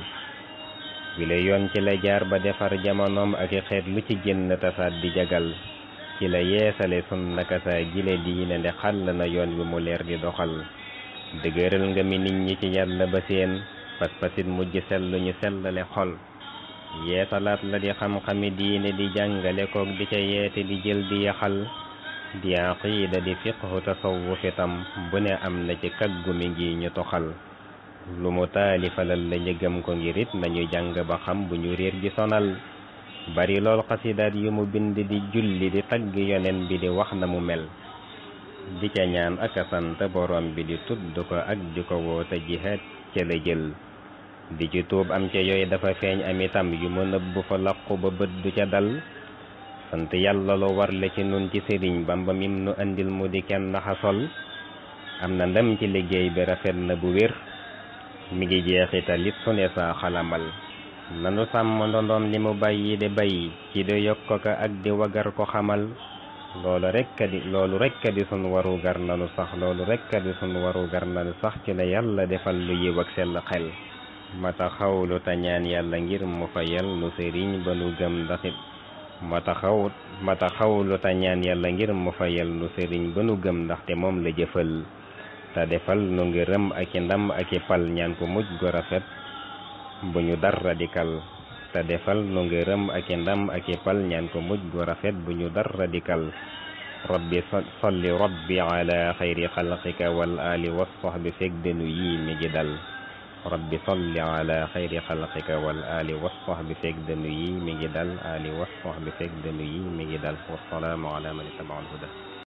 wile yoon ci la jaar ba defar jamonoom ak i xeet lu ci génn tasaat di jagal ci la yeesale sun nakasaa gile diine nde xàll na yoon bi mu leer di doxal dëgëral nga mi nit ñi ci yàlla ba seen paspasit mujj sellu ñu sellale xol yeesalaat la di xam-xami diine di jàngale di ca yeete di jël di yaxal di aqiida di fiqhu tasawuf itam bu ne am na ci kaggu mi ngi ñu toxal lu mu taalifalal la njëgam ko ngirit nañu jàng ba xam bu ñu réer gi sonal bari lool xasidaat yu mu bind di julli di tagg yonen bi di wax na mu mel di ca ñaan ak a sant borom bi di tudd ko ak di ko woote jihaat ca la jël di ci tuub am ca yooyu dafa feeñ am itam yu mu nëbb fa laqu ba bët du ca dal sant yàlla lu war la ci nun ci sëriñ bamba mim nu andil mu di kenn naxasol am na ndam ci liggéey bi rafet na bu wér mu ngi jeexital it su ne saa xalamal nanu sàmm ndondoom li mu bàyyi de bàyyi ci di yokk ko ak di wagar ko xamal loolu rekk di loolu rekk di sunu warugar nanu sax loolu rekk di sunu warugar nanu sax ci la yàlla defal lu yiw ak sell xel mata xawlu a ñaan yàlla ngir mu fayal nu sëriñ ba nu gëm ndaxit mata xaw mata xawlu te ñaan yàlla ngir mu fayal nu sëriñ ba nu gëm ndaxte moom la jëfal te defal nu ngërëm ak i ndam ak i pal ñaan ko mujj gu rafet bu ñu dar radikal te defal nu ngërëm ak i ndam ak i pal ñaan gu rafet bu ñu dar radikal rabbi salli rabbi ala xayri wal ali was sahbi fekk denu yii mi ngi dal rabbi salli ala xayri xalqika wal ali was sahbi fekk denu yii mi ngi dal ali was sahbi fekk mi ngi dal ala man ittabaal huda